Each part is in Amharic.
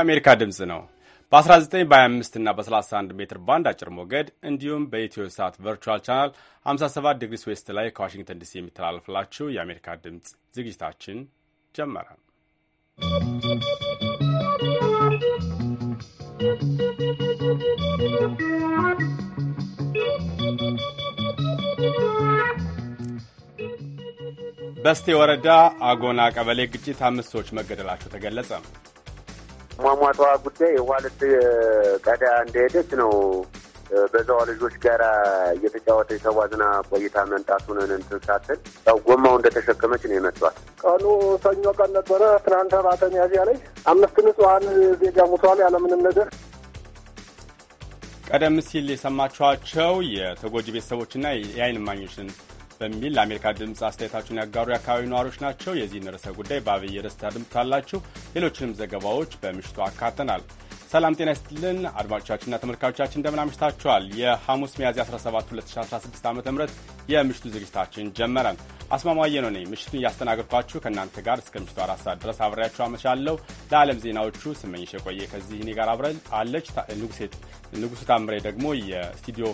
የአሜሪካ ድምፅ ነው። በ19 በ25 እና በ31 ሜትር ባንድ አጭር ሞገድ እንዲሁም በኢትዮ ሳት ቨርቹዋል ቻናል 57 ዲግሪስ ዌስት ላይ ከዋሽንግተን ዲሲ የሚተላለፍላችሁ የአሜሪካ ድምፅ ዝግጅታችን ጀመረ። በስቴ ወረዳ አጎና ቀበሌ ግጭት አምስት ሰዎች መገደላቸው ተገለጸ። ሟሟቷ ጉዳይ ውሃ ልት ቀዳ እንደሄደች ነው። በዛዋ ልጆች ጋር እየተጫወተች ተዋዝና ቆይታ መምጣቱን እንትን ሳትል ያው ጎማው እንደተሸከመች ነው የመቷት። ቀኑ ሰኞ ቀን ነበረ። ትናንተ ሰባተ ያዚያ ላይ አምስት ንጹሐን ዜጋ ሙተዋል ያለምንም ነገር። ቀደም ሲል የሰማችኋቸው የተጎጂ ቤተሰቦችና የአይን እማኞችን በሚል ለአሜሪካ ድምፅ አስተያየታችሁን ያጋሩ የአካባቢ ነዋሪዎች ናቸው። የዚህን ርዕሰ ጉዳይ በአብይ ርዕስ ታድምጡታላችሁ። ሌሎችንም ዘገባዎች በምሽቱ አካተናል። ሰላም ጤና ይስጥልን አድማጮቻችንና ተመልካቾቻችን እንደምን አምሽታችኋል። የሐሙስ ሚያዝያ 17 2016 ዓ ም የምሽቱ ዝግጅታችን ጀመረ። አስማማየ ነው ነኝ ምሽቱን እያስተናገድኳችሁ ከእናንተ ጋር እስከ ምሽቱ አራት ሰዓት ድረስ አብሬያችሁ አመሻለሁ። ለዓለም ዜናዎቹ ስመኝሽ የቆየ ከዚህ እኔ ጋር አብረን አለች። ንጉሴ ታምሬ ደግሞ የስቱዲዮ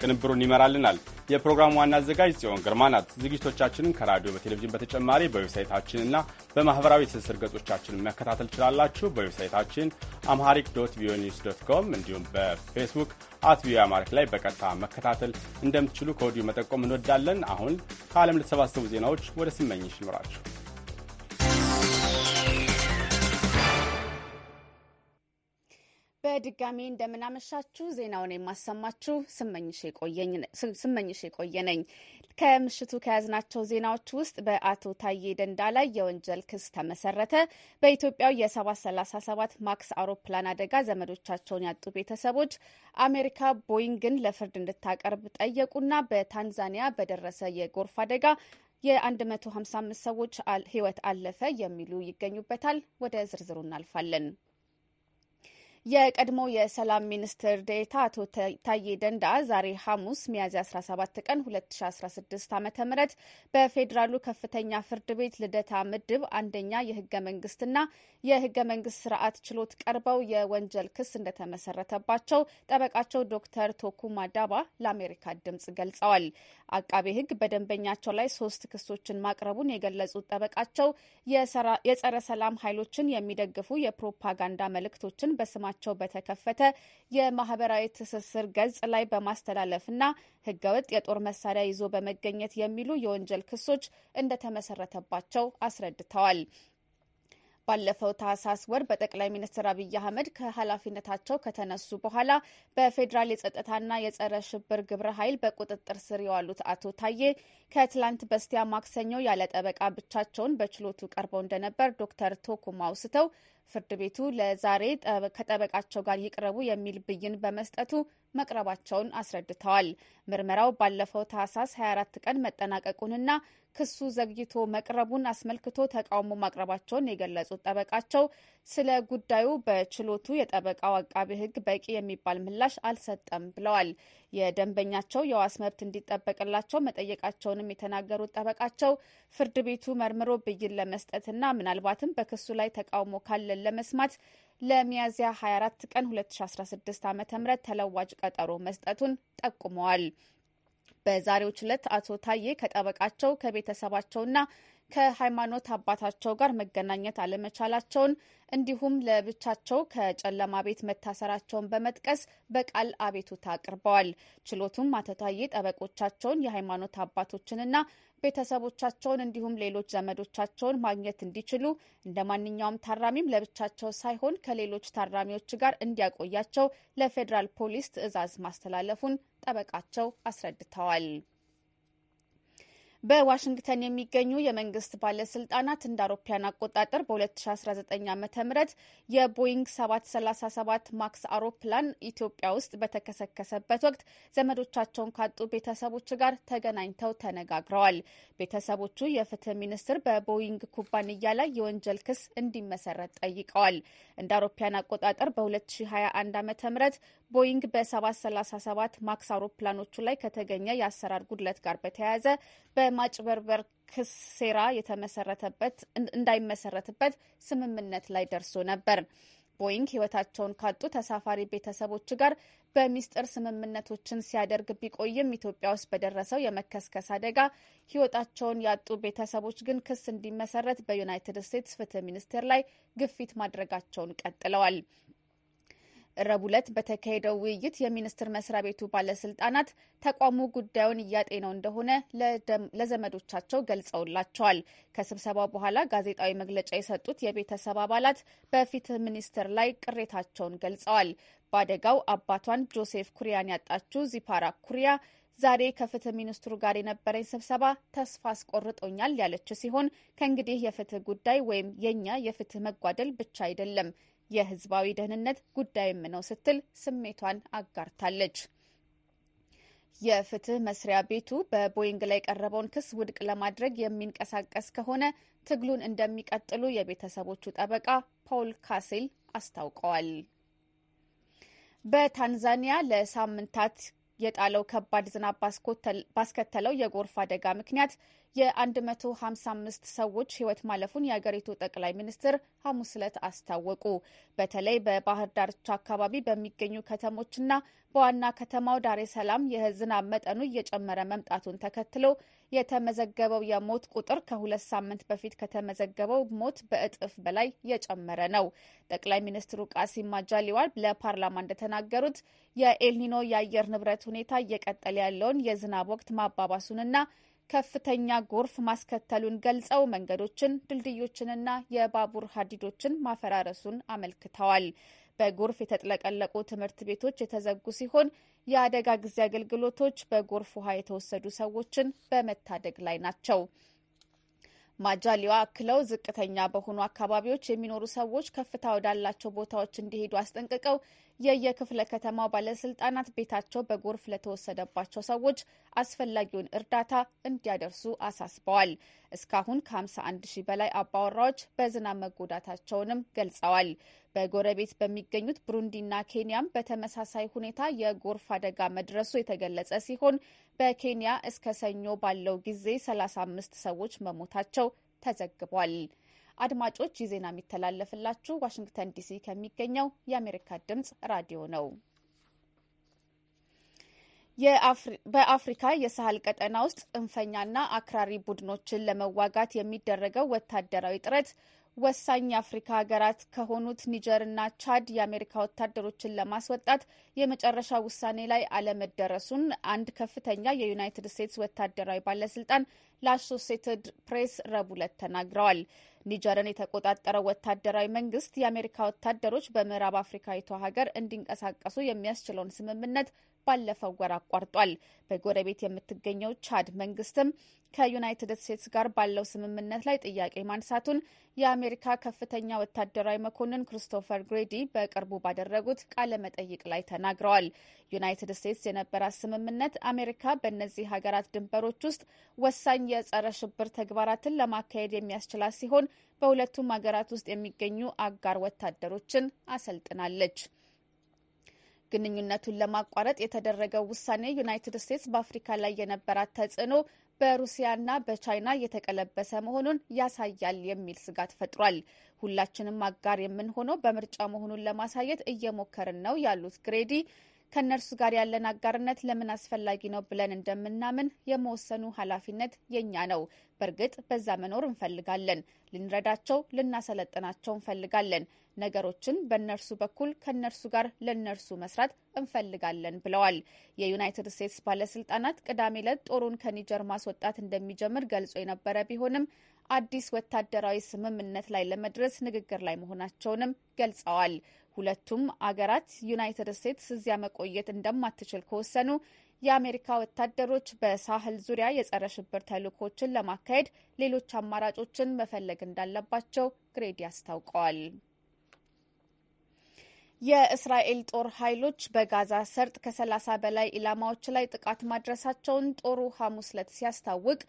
ቅንብሩን ይመራልናል። የፕሮግራሙ ዋና አዘጋጅ ጽዮን ግርማ ናት። ዝግጅቶቻችንን ከራዲዮ በቴሌቪዥን በተጨማሪ በዌብሳይታችንና በማህበራዊ ትስስር ገጾቻችን መከታተል ትችላላችሁ። በዌብሳይታችን አምሃሪክ ዶት ቪኦኤ ኒውስ ዶት ኮም እንዲሁም በፌስቡክ አት ቪኦኤ አማሪክ ላይ በቀጥታ መከታተል እንደምትችሉ ከወዲሁ መጠቆም እንወዳለን። አሁን ከዓለም ለተሰባሰቡ ዜናዎች ወደ ስመኝሽ ይምራችሁ። በድጋሚ እንደምናመሻችሁ ዜናውን የማሰማችሁ ስመኝሽ የቆየ ነኝ። ከምሽቱ ከያዝናቸው ዜናዎች ውስጥ በአቶ ታዬ ደንዳ ላይ የወንጀል ክስ ተመሰረተ፣ በኢትዮጵያው የ737 ማክስ አውሮፕላን አደጋ ዘመዶቻቸውን ያጡ ቤተሰቦች አሜሪካ ቦይንግን ለፍርድ እንድታቀርብ ጠየቁና በታንዛኒያ በደረሰ የጎርፍ አደጋ የ155 ሰዎች ሕይወት አለፈ የሚሉ ይገኙበታል። ወደ ዝርዝሩ እናልፋለን። የቀድሞ የሰላም ሚኒስትር ዴታ አቶ ታዬ ደንዳ ዛሬ ሐሙስ ሚያዝያ 17 ቀን 2016 ዓ ም በፌዴራሉ ከፍተኛ ፍርድ ቤት ልደታ ምድብ አንደኛ የህገ መንግስትና የህገ መንግስት ስርዓት ችሎት ቀርበው የወንጀል ክስ እንደተመሰረተባቸው ጠበቃቸው ዶክተር ቶኩማ ዳባ ለአሜሪካ ድምጽ ገልጸዋል። አቃቤ ህግ በደንበኛቸው ላይ ሶስት ክሶችን ማቅረቡን የገለጹት ጠበቃቸው የጸረ ሰላም ኃይሎችን የሚደግፉ የፕሮፓጋንዳ መልእክቶችን በስማቸው ስማቸው በተከፈተ የማህበራዊ ትስስር ገጽ ላይ በማስተላለፍና ህገወጥ የጦር መሳሪያ ይዞ በመገኘት የሚሉ የወንጀል ክሶች እንደተመሰረተባቸው አስረድተዋል። ባለፈው ታህሳስ ወር በጠቅላይ ሚኒስትር አብይ አህመድ ከኃላፊነታቸው ከተነሱ በኋላ በፌዴራል የጸጥታና የጸረ ሽብር ግብረ ኃይል በቁጥጥር ስር የዋሉት አቶ ታዬ ከትላንት በስቲያ ማክሰኞ ያለ ጠበቃ ብቻቸውን በችሎቱ ቀርበው እንደነበር ዶክተር ቶኩማ አውስተው ፍርድ ቤቱ ለዛሬ ከጠበቃቸው ጋር ይቅረቡ የሚል ብይን በመስጠቱ መቅረባቸውን አስረድተዋል። ምርመራው ባለፈው ታህሳስ 24 ቀን መጠናቀቁንና ክሱ ዘግይቶ መቅረቡን አስመልክቶ ተቃውሞ ማቅረባቸውን የገለጹት ጠበቃቸው ስለ ጉዳዩ በችሎቱ የጠበቃው አቃቤ ሕግ በቂ የሚባል ምላሽ አልሰጠም ብለዋል። የደንበኛቸው የዋስ መብት እንዲጠበቅላቸው መጠየቃቸውንም የተናገሩት ጠበቃቸው ፍርድ ቤቱ መርምሮ ብይን ለመስጠትና ምናልባትም በክሱ ላይ ተቃውሞ ካለን ለመስማት ለሚያዝያ 24 ቀን 2016 ዓ ም ተለዋጭ ቀጠሮ መስጠቱን ጠቁመዋል። በዛሬው ችለት አቶ ታዬ ከጠበቃቸው ከቤተሰባቸውና ከሃይማኖት አባታቸው ጋር መገናኘት አለመቻላቸውን እንዲሁም ለብቻቸው ከጨለማ ቤት መታሰራቸውን በመጥቀስ በቃል አቤቱታ አቅርበዋል። ችሎቱም አቶ ታዬ ጠበቆቻቸውን የሃይማኖት አባቶችንና ቤተሰቦቻቸውን እንዲሁም ሌሎች ዘመዶቻቸውን ማግኘት እንዲችሉ እንደ ማንኛውም ታራሚም ለብቻቸው ሳይሆን ከሌሎች ታራሚዎች ጋር እንዲያቆያቸው ለፌዴራል ፖሊስ ትዕዛዝ ማስተላለፉን ጠበቃቸው አስረድተዋል። በዋሽንግተን የሚገኙ የመንግስት ባለስልጣናት እንደ አውሮፓያን አቆጣጠር በ2019 ዓ ም የቦይንግ 737 ማክስ አውሮፕላን ኢትዮጵያ ውስጥ በተከሰከሰበት ወቅት ዘመዶቻቸውን ካጡ ቤተሰቦች ጋር ተገናኝተው ተነጋግረዋል። ቤተሰቦቹ የፍትህ ሚኒስትር በቦይንግ ኩባንያ ላይ የወንጀል ክስ እንዲመሰረት ጠይቀዋል። እንደ አውሮፓያን አቆጣጠር በ2021 ዓ ም ቦይንግ በ737 ማክስ አውሮፕላኖቹ ላይ ከተገኘ የአሰራር ጉድለት ጋር በተያያዘ የማጭበርበር ክስ ሴራ የተመሰረተበት እንዳይመሰረትበት ስምምነት ላይ ደርሶ ነበር። ቦይንግ ህይወታቸውን ካጡ ተሳፋሪ ቤተሰቦች ጋር በሚስጥር ስምምነቶችን ሲያደርግ ቢቆይም ኢትዮጵያ ውስጥ በደረሰው የመከስከስ አደጋ ህይወታቸውን ያጡ ቤተሰቦች ግን ክስ እንዲመሰረት በዩናይትድ ስቴትስ ፍትህ ሚኒስቴር ላይ ግፊት ማድረጋቸውን ቀጥለዋል። ረቡዕ ዕለት በተካሄደው ውይይት የሚኒስቴር መስሪያ ቤቱ ባለስልጣናት ተቋሙ ጉዳዩን እያጤነው እንደሆነ ለዘመዶቻቸው ገልጸውላቸዋል። ከስብሰባው በኋላ ጋዜጣዊ መግለጫ የሰጡት የቤተሰብ አባላት በፍትህ ሚኒስቴር ላይ ቅሬታቸውን ገልጸዋል። በአደጋው አባቷን ጆሴፍ ኩሪያን ያጣችው ዚፓራ ኩሪያ ዛሬ ከፍትህ ሚኒስትሩ ጋር የነበረኝ ስብሰባ ተስፋ አስቆርጦኛል ያለች ሲሆን ከእንግዲህ የፍትህ ጉዳይ ወይም የእኛ የፍትህ መጓደል ብቻ አይደለም የህዝባዊ ደህንነት ጉዳይም ነው ስትል ስሜቷን አጋርታለች። የፍትህ መስሪያ ቤቱ በቦይንግ ላይ የቀረበውን ክስ ውድቅ ለማድረግ የሚንቀሳቀስ ከሆነ ትግሉን እንደሚቀጥሉ የቤተሰቦቹ ጠበቃ ፓውል ካሲል አስታውቀዋል። በታንዛኒያ ለሳምንታት የጣለው ከባድ ዝናብ ባስከተለው የጎርፍ አደጋ ምክንያት የ155 ሰዎች ህይወት ማለፉን የአገሪቱ ጠቅላይ ሚኒስትር ሐሙስ ዕለት አስታወቁ። በተለይ በባህር ዳርቻ አካባቢ በሚገኙ ከተሞችና በዋና ከተማው ዳሬ ሰላም የዝናብ መጠኑ እየጨመረ መምጣቱን ተከትሎ የተመዘገበው የሞት ቁጥር ከሁለት ሳምንት በፊት ከተመዘገበው ሞት በእጥፍ በላይ የጨመረ ነው። ጠቅላይ ሚኒስትሩ ቃሲም ማጃሊዋል ለፓርላማ እንደተናገሩት የኤልኒኖ የአየር ንብረት ሁኔታ እየቀጠለ ያለውን የዝናብ ወቅት ማባባሱንና ከፍተኛ ጎርፍ ማስከተሉን ገልጸው መንገዶችን፣ ድልድዮችንና የባቡር ሀዲዶችን ማፈራረሱን አመልክተዋል። በጎርፍ የተጥለቀለቁ ትምህርት ቤቶች የተዘጉ ሲሆን የአደጋ ጊዜ አገልግሎቶች በጎርፍ ውሃ የተወሰዱ ሰዎችን በመታደግ ላይ ናቸው። ማጃሊዋ አክለው ዝቅተኛ በሆኑ አካባቢዎች የሚኖሩ ሰዎች ከፍታ ወዳላቸው ቦታዎች እንዲሄዱ አስጠንቅቀው የየክፍለ ከተማው ባለስልጣናት ቤታቸው በጎርፍ ለተወሰደባቸው ሰዎች አስፈላጊውን እርዳታ እንዲያደርሱ አሳስበዋል። እስካሁን ከ51 ሺህ በላይ አባወራዎች በዝናብ መጎዳታቸውንም ገልጸዋል። በጎረቤት በሚገኙት ብሩንዲና ኬንያም በተመሳሳይ ሁኔታ የጎርፍ አደጋ መድረሱ የተገለጸ ሲሆን በኬንያ እስከ ሰኞ ባለው ጊዜ 35 ሰዎች መሞታቸው ተዘግቧል። አድማጮች ይህ ዜና የሚተላለፍላችሁ ዋሽንግተን ዲሲ ከሚገኘው የአሜሪካ ድምጽ ራዲዮ ነው። በአፍሪካ የሳህል ቀጠና ውስጥ ጽንፈኛና አክራሪ ቡድኖችን ለመዋጋት የሚደረገው ወታደራዊ ጥረት ወሳኝ የአፍሪካ ሀገራት ከሆኑት ኒጀርና ቻድ የአሜሪካ ወታደሮችን ለማስወጣት የመጨረሻ ውሳኔ ላይ አለመደረሱን አንድ ከፍተኛ የዩናይትድ ስቴትስ ወታደራዊ ባለስልጣን ለአሶሴትድ ፕሬስ ረቡዕ ዕለት ተናግረዋል። ኒጀርን የተቆጣጠረው ወታደራዊ መንግስት የአሜሪካ ወታደሮች በምዕራብ አፍሪካዊቷ ሀገር እንዲንቀሳቀሱ የሚያስችለውን ስምምነት ባለፈው ወር አቋርጧል። በጎረቤት የምትገኘው ቻድ መንግስትም ከዩናይትድ ስቴትስ ጋር ባለው ስምምነት ላይ ጥያቄ ማንሳቱን የአሜሪካ ከፍተኛ ወታደራዊ መኮንን ክሪስቶፈር ግሬዲ በቅርቡ ባደረጉት ቃለ መጠይቅ ላይ ተናግረዋል። ዩናይትድ ስቴትስ የነበራት ስምምነት አሜሪካ በእነዚህ ሀገራት ድንበሮች ውስጥ ወሳኝ የጸረ ሽብር ተግባራትን ለማካሄድ የሚያስችላት ሲሆን በሁለቱም ሀገራት ውስጥ የሚገኙ አጋር ወታደሮችን አሰልጥናለች። ግንኙነቱን ለማቋረጥ የተደረገው ውሳኔ ዩናይትድ ስቴትስ በአፍሪካ ላይ የነበራት ተጽዕኖ በሩሲያና በቻይና የተቀለበሰ መሆኑን ያሳያል የሚል ስጋት ፈጥሯል። ሁላችንም አጋር የምንሆነው በምርጫ መሆኑን ለማሳየት እየሞከርን ነው ያሉት ግሬዲ ከእነርሱ ጋር ያለን አጋርነት ለምን አስፈላጊ ነው ብለን እንደምናምን የመወሰኑ ኃላፊነት የኛ ነው። በእርግጥ በዛ መኖር እንፈልጋለን። ልንረዳቸው፣ ልናሰለጥናቸው እንፈልጋለን። ነገሮችን በእነርሱ በኩል ከእነርሱ ጋር ለእነርሱ መስራት እንፈልጋለን ብለዋል። የዩናይትድ ስቴትስ ባለስልጣናት ቅዳሜ ዕለት ጦሩን ከኒጀር ማስወጣት እንደሚጀምር ገልጾ የነበረ ቢሆንም አዲስ ወታደራዊ ስምምነት ላይ ለመድረስ ንግግር ላይ መሆናቸውንም ገልጸዋል። ሁለቱም አገራት ዩናይትድ ስቴትስ እዚያ መቆየት እንደማትችል ከወሰኑ የአሜሪካ ወታደሮች በሳህል ዙሪያ የጸረ ሽብር ተልዕኮችን ለማካሄድ ሌሎች አማራጮችን መፈለግ እንዳለባቸው ግሬዲ አስታውቀዋል። የእስራኤል ጦር ኃይሎች በጋዛ ሰርጥ ከ30 በላይ ኢላማዎች ላይ ጥቃት ማድረሳቸውን ጦሩ ሐሙስ ዕለት ሲያስታውቅ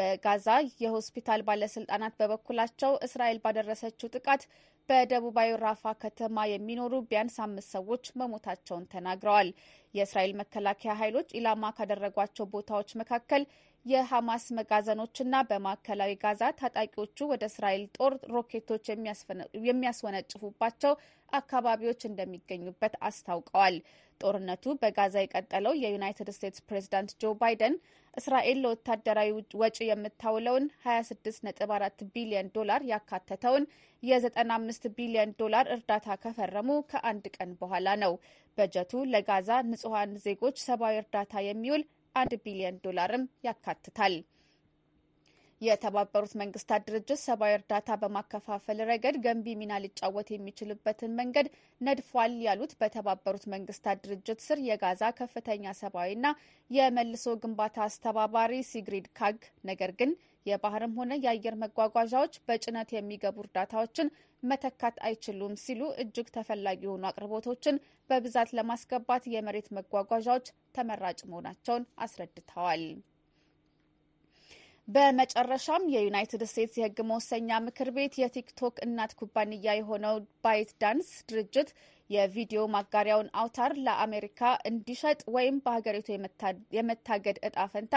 በጋዛ የሆስፒታል ባለስልጣናት በበኩላቸው እስራኤል ባደረሰችው ጥቃት በደቡባዊ ራፋ ከተማ የሚኖሩ ቢያንስ አምስት ሰዎች መሞታቸውን ተናግረዋል። የእስራኤል መከላከያ ኃይሎች ኢላማ ካደረጓቸው ቦታዎች መካከል የሐማስ መጋዘኖችና በማዕከላዊ ጋዛ ታጣቂዎቹ ወደ እስራኤል ጦር ሮኬቶች የሚያስወነጭፉባቸው አካባቢዎች እንደሚገኙበት አስታውቀዋል። ጦርነቱ በጋዛ የቀጠለው የዩናይትድ ስቴትስ ፕሬዝዳንት ጆ ባይደን እስራኤል ለወታደራዊ ወጪ የምታውለውን 26.4 ቢሊዮን ዶላር ያካተተውን የ95 ቢሊዮን ዶላር እርዳታ ከፈረሙ ከአንድ ቀን በኋላ ነው። በጀቱ ለጋዛ ንጹሐን ዜጎች ሰብአዊ እርዳታ የሚውል አንድ ቢሊዮን ዶላርም ያካትታል። የተባበሩት መንግስታት ድርጅት ሰብአዊ እርዳታ በማከፋፈል ረገድ ገንቢ ሚና ሊጫወት የሚችልበትን መንገድ ነድፏል ያሉት በተባበሩት መንግስታት ድርጅት ስር የጋዛ ከፍተኛ ሰብአዊና የመልሶ ግንባታ አስተባባሪ ሲግሪድ ካግ፣ ነገር ግን የባህርም ሆነ የአየር መጓጓዣዎች በጭነት የሚገቡ እርዳታዎችን መተካት አይችሉም ሲሉ እጅግ ተፈላጊ የሆኑ አቅርቦቶችን በብዛት ለማስገባት የመሬት መጓጓዣዎች ተመራጭ መሆናቸውን አስረድተዋል። በመጨረሻም የዩናይትድ ስቴትስ የሕግ መወሰኛ ምክር ቤት የቲክቶክ እናት ኩባንያ የሆነው ባይት ዳንስ ድርጅት የቪዲዮ ማጋሪያውን አውታር ለአሜሪካ እንዲሸጥ ወይም በሀገሪቱ የመታገድ እጣ ፈንታ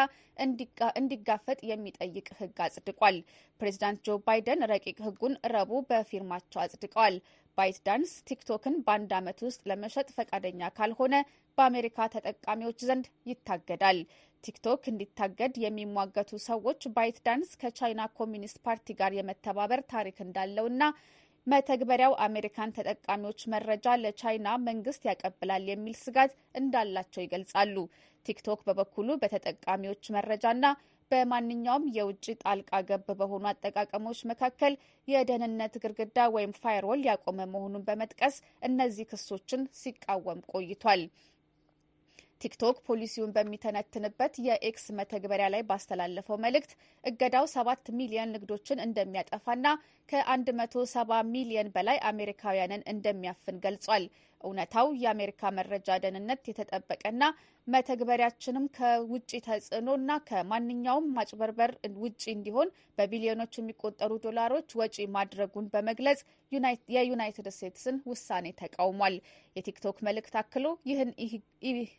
እንዲጋፈጥ የሚጠይቅ ህግ አጽድቋል። ፕሬዚዳንት ጆ ባይደን ረቂቅ ህጉን ረቡዕ በፊርማቸው አጽድቀዋል። ባይት ዳንስ ቲክቶክን በአንድ ዓመት ውስጥ ለመሸጥ ፈቃደኛ ካልሆነ በአሜሪካ ተጠቃሚዎች ዘንድ ይታገዳል። ቲክቶክ እንዲታገድ የሚሟገቱ ሰዎች ባይት ዳንስ ከቻይና ኮሚኒስት ፓርቲ ጋር የመተባበር ታሪክ እንዳለውና መተግበሪያው አሜሪካን ተጠቃሚዎች መረጃ ለቻይና መንግስት ያቀብላል የሚል ስጋት እንዳላቸው ይገልጻሉ። ቲክቶክ በበኩሉ በተጠቃሚዎች መረጃና በማንኛውም የውጭ ጣልቃ ገብ በሆኑ አጠቃቀሞች መካከል የደህንነት ግድግዳ ወይም ፋይርወል ያቆመ መሆኑን በመጥቀስ እነዚህ ክሶችን ሲቃወም ቆይቷል። ቲክቶክ ፖሊሲውን በሚተነትንበት የኤክስ መተግበሪያ ላይ ባስተላለፈው መልእክት እገዳው ሰባት ሚሊዮን ንግዶችን እንደሚያጠፋና ከ170 ሚሊየን በላይ አሜሪካውያንን እንደሚያፍን ገልጿል። እውነታው የአሜሪካ መረጃ ደህንነት የተጠበቀና መተግበሪያችንም ከውጭ ተጽዕኖና ከማንኛውም ማጭበርበር ውጭ እንዲሆን በቢሊዮኖች የሚቆጠሩ ዶላሮች ወጪ ማድረጉን በመግለጽ የዩናይትድ ስቴትስን ውሳኔ ተቃውሟል። የቲክቶክ መልእክት አክሎ ይህን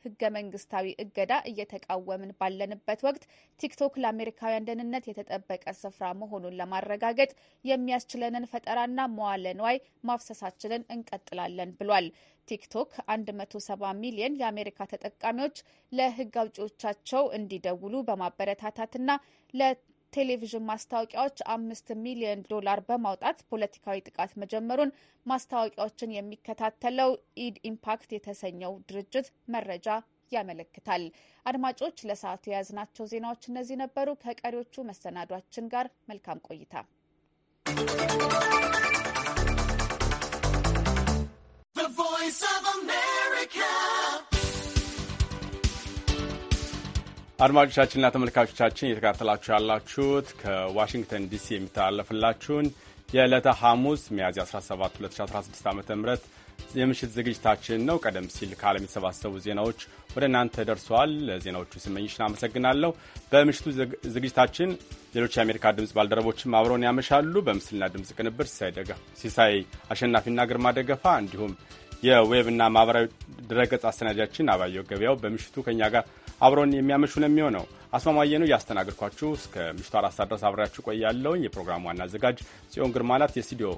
ህገ መንግስታዊ እገዳ እየተቃወምን ባለንበት ወቅት ቲክቶክ ለአሜሪካውያን ደህንነት የተጠበቀ ስፍራ መሆኑን ለማረጋገጥ የሚያ የሚያስችለንን ፈጠራና መዋለ ንዋይ ማፍሰሳችንን እንቀጥላለን ብሏል። ቲክቶክ 170 ሚሊዮን የአሜሪካ ተጠቃሚዎች ለህግ አውጪዎቻቸው እንዲደውሉ በማበረታታትና ለ ቴሌቪዥን ማስታወቂያዎች አምስት ሚሊዮን ዶላር በማውጣት ፖለቲካዊ ጥቃት መጀመሩን ማስታወቂያዎችን የሚከታተለው ኢድ ኢምፓክት የተሰኘው ድርጅት መረጃ ያመለክታል። አድማጮች፣ ለሰዓቱ የያዝናቸው ዜናዎች እነዚህ ነበሩ። ከቀሪዎቹ መሰናዷችን ጋር መልካም ቆይታ አድማጮቻችንና ተመልካቾቻችን እየተከታተላችሁ ያላችሁት ከዋሽንግተን ዲሲ የሚተላለፍላችሁን የዕለተ ሐሙስ ሚያዝያ 17 2016 ዓ ም የምሽት ዝግጅታችን ነው። ቀደም ሲል ከዓለም የተሰባሰቡ ዜናዎች ወደ እናንተ ደርሰዋል። ለዜናዎቹ ስመኝሽን አመሰግናለሁ። በምሽቱ ዝግጅታችን ሌሎች የአሜሪካ ድምፅ ባልደረቦችም አብረውን ያመሻሉ። በምስልና ድምፅ ቅንብር ሲሳይ አሸናፊና ግርማ ደገፋ እንዲሁም የዌብና ማህበራዊ ድረገጽ አሰናጃችን አባየው ገበያው በምሽቱ ከኛ ጋር አብረውን የሚያመሹ ነው የሚሆነው። አስማማየ ነው እያስተናገድኳችሁ እስከ ምሽቱ አራት ሰዓት ድረስ አብሬያችሁ ቆያለውኝ። የፕሮግራሙ ዋና አዘጋጅ ጽዮን ግርማ ናት። የስቱዲዮ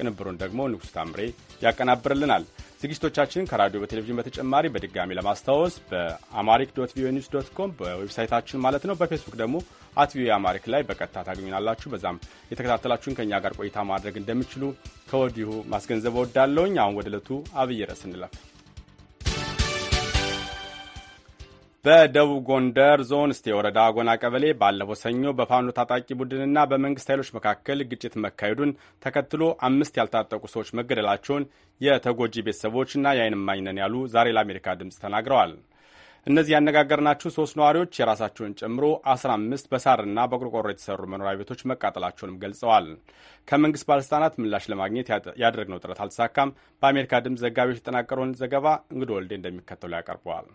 ቅንብሩን ደግሞ ንጉሥ ታምሬ ያቀናብርልናል። ዝግጅቶቻችንን ከራዲዮ በቴሌቪዥን በተጨማሪ በድጋሚ ለማስታወስ በአማሪክ ዶት ቪኦኤ ኒውስ ዶት ኮም በዌብሳይታችን ማለት ነው። በፌስቡክ ደግሞ አት ቪኦኤ አማሪክ ላይ በቀጥታ ታገኙናላችሁ። በዛም የተከታተላችሁን ከእኛ ጋር ቆይታ ማድረግ እንደሚችሉ ከወዲሁ ማስገንዘብ እወዳለሁኝ። አሁን ወደ ዕለቱ አብይ ርዕስ እንለፍ። በደቡብ ጎንደር ዞን እስቴ ወረዳ ጎና ቀበሌ ባለፈው ሰኞ በፋኖ ታጣቂ ቡድንና በመንግስት ኃይሎች መካከል ግጭት መካሄዱን ተከትሎ አምስት ያልታጠቁ ሰዎች መገደላቸውን የተጎጂ ቤተሰቦችና የዓይን እማኝ ነን ያሉ ዛሬ ለአሜሪካ ድምፅ ተናግረዋል። እነዚህ ያነጋገርናችሁ ሶስት ነዋሪዎች የራሳቸውን ጨምሮ አስራ አምስት በሳርና በቆርቆሮ የተሰሩ መኖሪያ ቤቶች መቃጠላቸውንም ገልጸዋል። ከመንግስት ባለስልጣናት ምላሽ ለማግኘት ያደረግነው ጥረት አልተሳካም። በአሜሪካ ድምፅ ዘጋቢዎች የተጠናቀረውን ዘገባ እንግዶ ወልዴ እንደሚከተሉ ያቀርበዋል።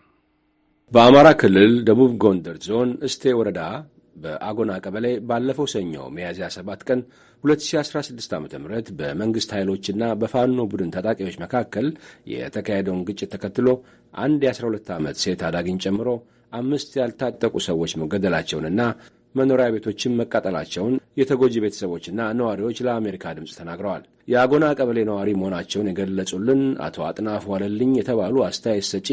በአማራ ክልል ደቡብ ጎንደር ዞን እስቴ ወረዳ በአጎና ቀበሌ ባለፈው ሰኞ ሚያዝያ 7 ቀን 2016 ዓ ም በመንግሥት ኃይሎችና በፋኖ ቡድን ታጣቂዎች መካከል የተካሄደውን ግጭት ተከትሎ አንድ የ12 ዓመት ሴት አዳጊን ጨምሮ አምስት ያልታጠቁ ሰዎች መገደላቸውንና መኖሪያ ቤቶችን መቃጠላቸውን የተጎጂ ቤተሰቦችና ነዋሪዎች ለአሜሪካ ድምፅ ተናግረዋል። የአጎና ቀበሌ ነዋሪ መሆናቸውን የገለጹልን አቶ አጥናፍ ዋለልኝ የተባሉ አስተያየት ሰጪ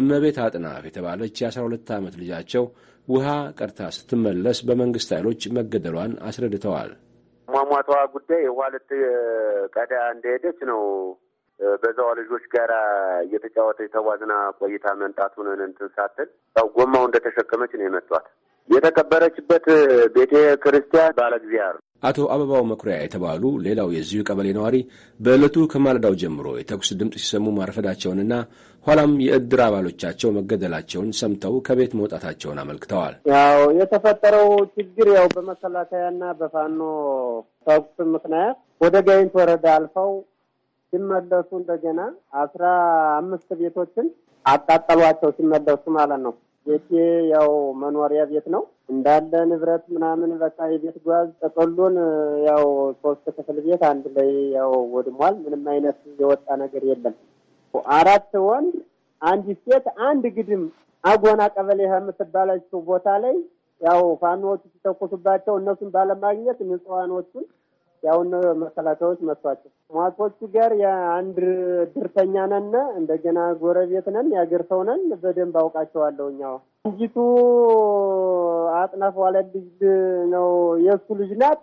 እመቤት አጥናፍ የተባለች የ12 ዓመት ልጃቸው ውሃ ቀርታ ስትመለስ በመንግስት ኃይሎች መገደሏን አስረድተዋል። ሟሟቷ ጉዳይ ውሃ ልትቀዳ እንደሄደች ነው። በዛዋ ልጆች ጋር እየተጫወተች ተዋዝና ቆይታ መምጣቱን እንትን ሳትል ያው ጎማው እንደተሸከመች ነው የመጧት። የተቀበረችበት ቤተ ክርስቲያን ባለ እግዚአብሔር አቶ አበባው መኩሪያ የተባሉ ሌላው የዚሁ ቀበሌ ነዋሪ በዕለቱ ከማለዳው ጀምሮ የተኩስ ድምፅ ሲሰሙ ማረፈዳቸውንና ኋላም የእድር አባሎቻቸው መገደላቸውን ሰምተው ከቤት መውጣታቸውን አመልክተዋል። ያው የተፈጠረው ችግር ያው በመከላከያና በፋኖ ተኩስ ምክንያት ወደ ጋይንት ወረዳ አልፈው ሲመለሱ እንደገና አስራ አምስት ቤቶችን አቃጠሏቸው ሲመለሱ ማለት ነው። ቤቴ ያው መኖሪያ ቤት ነው። እንዳለ ንብረት ምናምን በቃ የቤት ጓዝ ጠቀሎን ያው ሶስት ክፍል ቤት አንድ ላይ ያው ወድሟል። ምንም አይነት የወጣ ነገር የለም። አራት ወንድ አንዲት ሴት አንድ ግድም አጎና ቀበሌ የምትባለችው ቦታ ላይ ያው ፋኖዎቹ ሲተኩሱባቸው እነሱን ባለማግኘት ንጽዋኖቹን ያውን መከላከያዎች መቷቸው። ሟቾቹ ጋር የአንድ ድርተኛ ነን፣ እንደገና ጎረቤት ነን፣ ያገር ሰው ነን። በደንብ አውቃቸዋለሁ። እኛ ልጅቱ አጥናፍ ዋለ ልጅ ነው የእሱ ልጅ ናት፣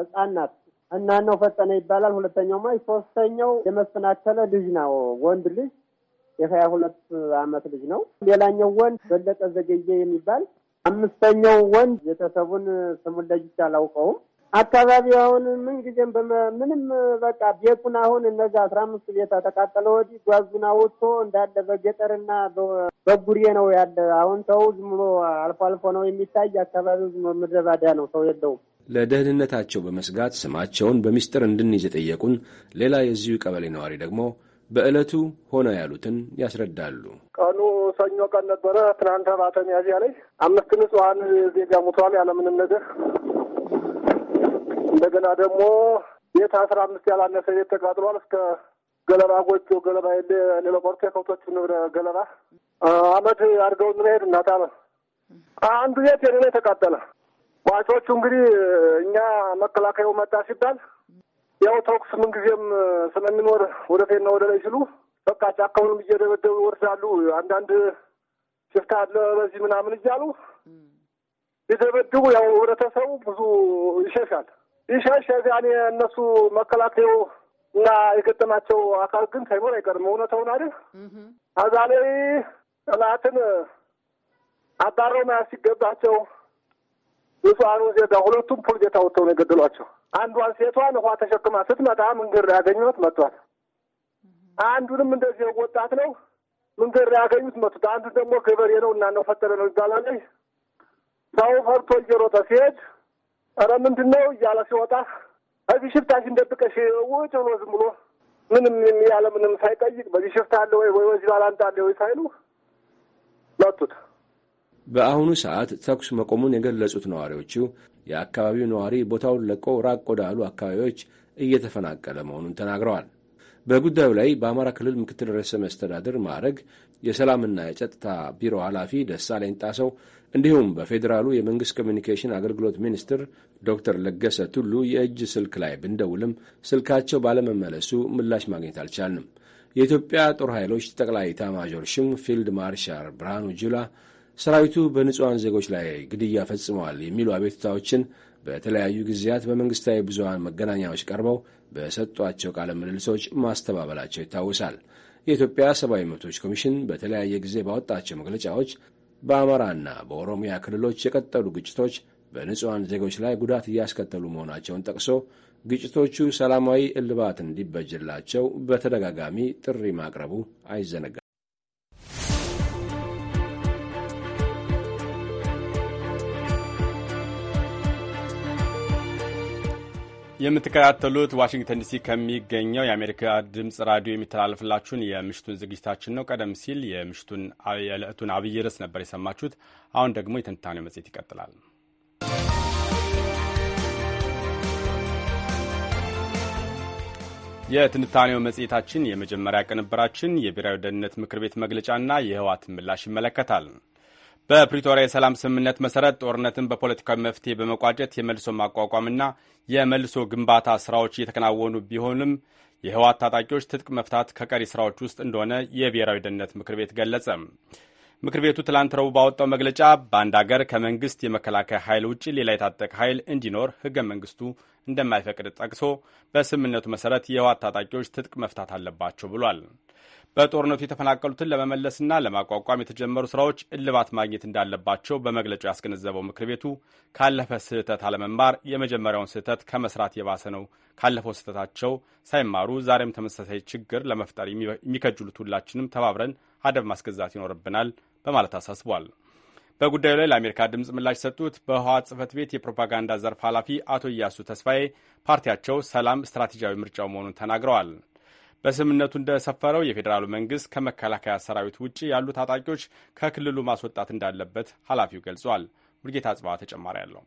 ህፃን ናት። ነው ፈጠነ ይባላል። ሁለተኛው ማይ ሶስተኛው የመሰናከለ ልጅ ነው ወንድ ልጅ የሀያ ሁለት አመት ልጅ ነው። ሌላኛው ወንድ በለጠ ዘገየ የሚባል አምስተኛው ወንድ ቤተሰቡን ስሙን ለይቼ አላውቀውም። አካባቢ አሁን ምን ጊዜም ምንም በቃ ቤቱን አሁን እነዚ አስራ አምስት ቤት ተቃጠለ ወዲህ ጓዙን አውጥቶ እንዳለ በገጠርና በጉሬ ነው ያለ። አሁን ሰው ዝም ብሎ አልፎ አልፎ ነው የሚታይ። አካባቢው ዝም ምድረ ባዳ ነው፣ ሰው የለውም። ለደህንነታቸው በመስጋት ስማቸውን በሚስጥር እንድንይዝ የጠየቁን ሌላ የዚሁ ቀበሌ ነዋሪ ደግሞ በዕለቱ ሆነ ያሉትን ያስረዳሉ። ቀኑ ሰኞ ቀን ነበረ። ትናንት ማተሚያዚያ ላይ አምስት ንጹሐን ዜጋ ሙተዋል ያለምንም ነገር እንደገና ደግሞ ቤት አስራ አምስት ያላነሰ ቤት ተቃጥሏል። እስከ ገለባ ጎጆ ገለባ የለ ሌሎ ቆርቶ የከብቶች ንብረ ገለባ አመድ አድርገው ንሄድ እናታለ አንዱ ቤት የሌለ የተቃጠለ ዋጮቹ እንግዲህ እኛ መከላከያው መጣ ሲባል ያው ተኩስ ምንጊዜም ስለሚኖር ወደፌና ወደ ላይ ሲሉ በቃ ጫካውንም እየደበደቡ ይወርዳሉ። አንዳንድ ሽፍታ አለ በዚህ ምናምን እያሉ የደበድቡ ያው ህብረተሰቡ ብዙ ይሸሻል። ይሻሻ ያኔ እነሱ መከላከያው እና የገጠማቸው አካል ግን ሳይኖር አይቀርም። እውነተውን አይደል? ከዛ ላይ ጠላትን አባረው መያዝ ሲገባቸው ንጹሐኑ ዜጋ ሁለቱም ፖልጌታ ወጥተው ነው የገደሏቸው። አንዷን ሴቷን ውሃ ተሸክማ ስትመጣ መንገድ ያገኙት መቷት። አንዱንም እንደዚህ ወጣት ነው መንገድ ያገኙት መቱት። አንዱ ደግሞ ገበሬ ነው እና ነው ፈጠረ ነው ይባላል። ሰው ፈርቶ እየሮጠ ሲሄድ ኧረ ምንድን ነው እያለ ሲወጣ እዚህ ሽፍታሽን ደብቀሽ ውጭ ብሎ ዝም ብሎ ምንም ያለ ምንም ሳይጠይቅ በዚህ ሽፍታ አለ ወይ ወይ በዚህ ባላንጣ አለ ወይ ሳይሉ መጡት። በአሁኑ ሰዓት ተኩስ መቆሙን የገለጹት ነዋሪዎቹ የአካባቢው ነዋሪ ቦታውን ለቆ ራቅ ወዳሉ አካባቢዎች እየተፈናቀለ መሆኑን ተናግረዋል። በጉዳዩ ላይ በአማራ ክልል ምክትል ርዕሰ መስተዳድር ማዕረግ የሰላምና የጸጥታ ቢሮ ኃላፊ ደሳለኝ ጣሰው እንዲሁም በፌዴራሉ የመንግሥት ኮሚኒኬሽን አገልግሎት ሚኒስትር ዶክተር ለገሰ ቱሉ የእጅ ስልክ ላይ ብንደውልም ስልካቸው ባለመመለሱ ምላሽ ማግኘት አልቻልንም። የኢትዮጵያ ጦር ኃይሎች ጠቅላይ ኤታማዦር ሹም ፊልድ ማርሻል ብርሃኑ ጁላ ሰራዊቱ በንጹሐን ዜጎች ላይ ግድያ ፈጽመዋል የሚሉ አቤቱታዎችን በተለያዩ ጊዜያት በመንግስታዊ ብዙሃን መገናኛዎች ቀርበው በሰጧቸው ቃለ ምልልሶች ማስተባበላቸው ይታወሳል። የኢትዮጵያ ሰብአዊ መብቶች ኮሚሽን በተለያየ ጊዜ ባወጣቸው መግለጫዎች በአማራና በኦሮሚያ ክልሎች የቀጠሉ ግጭቶች በንጹሐን ዜጎች ላይ ጉዳት እያስከተሉ መሆናቸውን ጠቅሶ ግጭቶቹ ሰላማዊ እልባት እንዲበጅላቸው በተደጋጋሚ ጥሪ ማቅረቡ አይዘነጋል የምትከታተሉት ዋሽንግተን ዲሲ ከሚገኘው የአሜሪካ ድምፅ ራዲዮ የሚተላለፍላችሁን የምሽቱን ዝግጅታችን ነው። ቀደም ሲል የምሽቱን የዕለቱን አብይ ርዕስ ነበር የሰማችሁት። አሁን ደግሞ የትንታኔው መጽሔት ይቀጥላል። የትንታኔው መጽሔታችን የመጀመሪያ ቅንብራችን የብሔራዊ ደህንነት ምክር ቤት መግለጫና የህወሓትን ምላሽ ይመለከታል። በፕሪቶሪያ የሰላም ስምምነት መሰረት ጦርነትን በፖለቲካዊ መፍትሄ በመቋጨት የመልሶ ማቋቋምና የመልሶ ግንባታ ስራዎች እየተከናወኑ ቢሆንም የህወሓት ታጣቂዎች ትጥቅ መፍታት ከቀሪ ስራዎች ውስጥ እንደሆነ የብሔራዊ ደህንነት ምክር ቤት ገለጸ። ምክር ቤቱ ትላንት ረቡዕ ባወጣው መግለጫ በአንድ አገር ከመንግስት የመከላከያ ኃይል ውጭ ሌላ የታጠቀ ኃይል እንዲኖር ህገ መንግስቱ እንደማይፈቅድ ጠቅሶ በስምምነቱ መሰረት የህወሓት ታጣቂዎች ትጥቅ መፍታት አለባቸው ብሏል። በጦርነቱ የተፈናቀሉትን ለመመለስና ለማቋቋም የተጀመሩ ስራዎች እልባት ማግኘት እንዳለባቸው በመግለጫው ያስገነዘበው ምክር ቤቱ ካለፈ ስህተት አለመማር የመጀመሪያውን ስህተት ከመስራት የባሰ ነው። ካለፈው ስህተታቸው ሳይማሩ ዛሬም ተመሳሳይ ችግር ለመፍጠር የሚከጅሉት ሁላችንም ተባብረን አደብ ማስገዛት ይኖርብናል በማለት አሳስቧል። በጉዳዩ ላይ ለአሜሪካ ድምፅ ምላሽ የሰጡት በህወሓት ጽህፈት ቤት የፕሮፓጋንዳ ዘርፍ ኃላፊ አቶ እያሱ ተስፋዬ ፓርቲያቸው ሰላም ስትራቴጂያዊ ምርጫው መሆኑን ተናግረዋል። በስምምነቱ እንደሰፈረው የፌዴራሉ መንግስት ከመከላከያ ሰራዊት ውጭ ያሉ ታጣቂዎች ከክልሉ ማስወጣት እንዳለበት ኃላፊው ገልጿል። ሙልጌታ ጽባ ተጨማሪ አለው።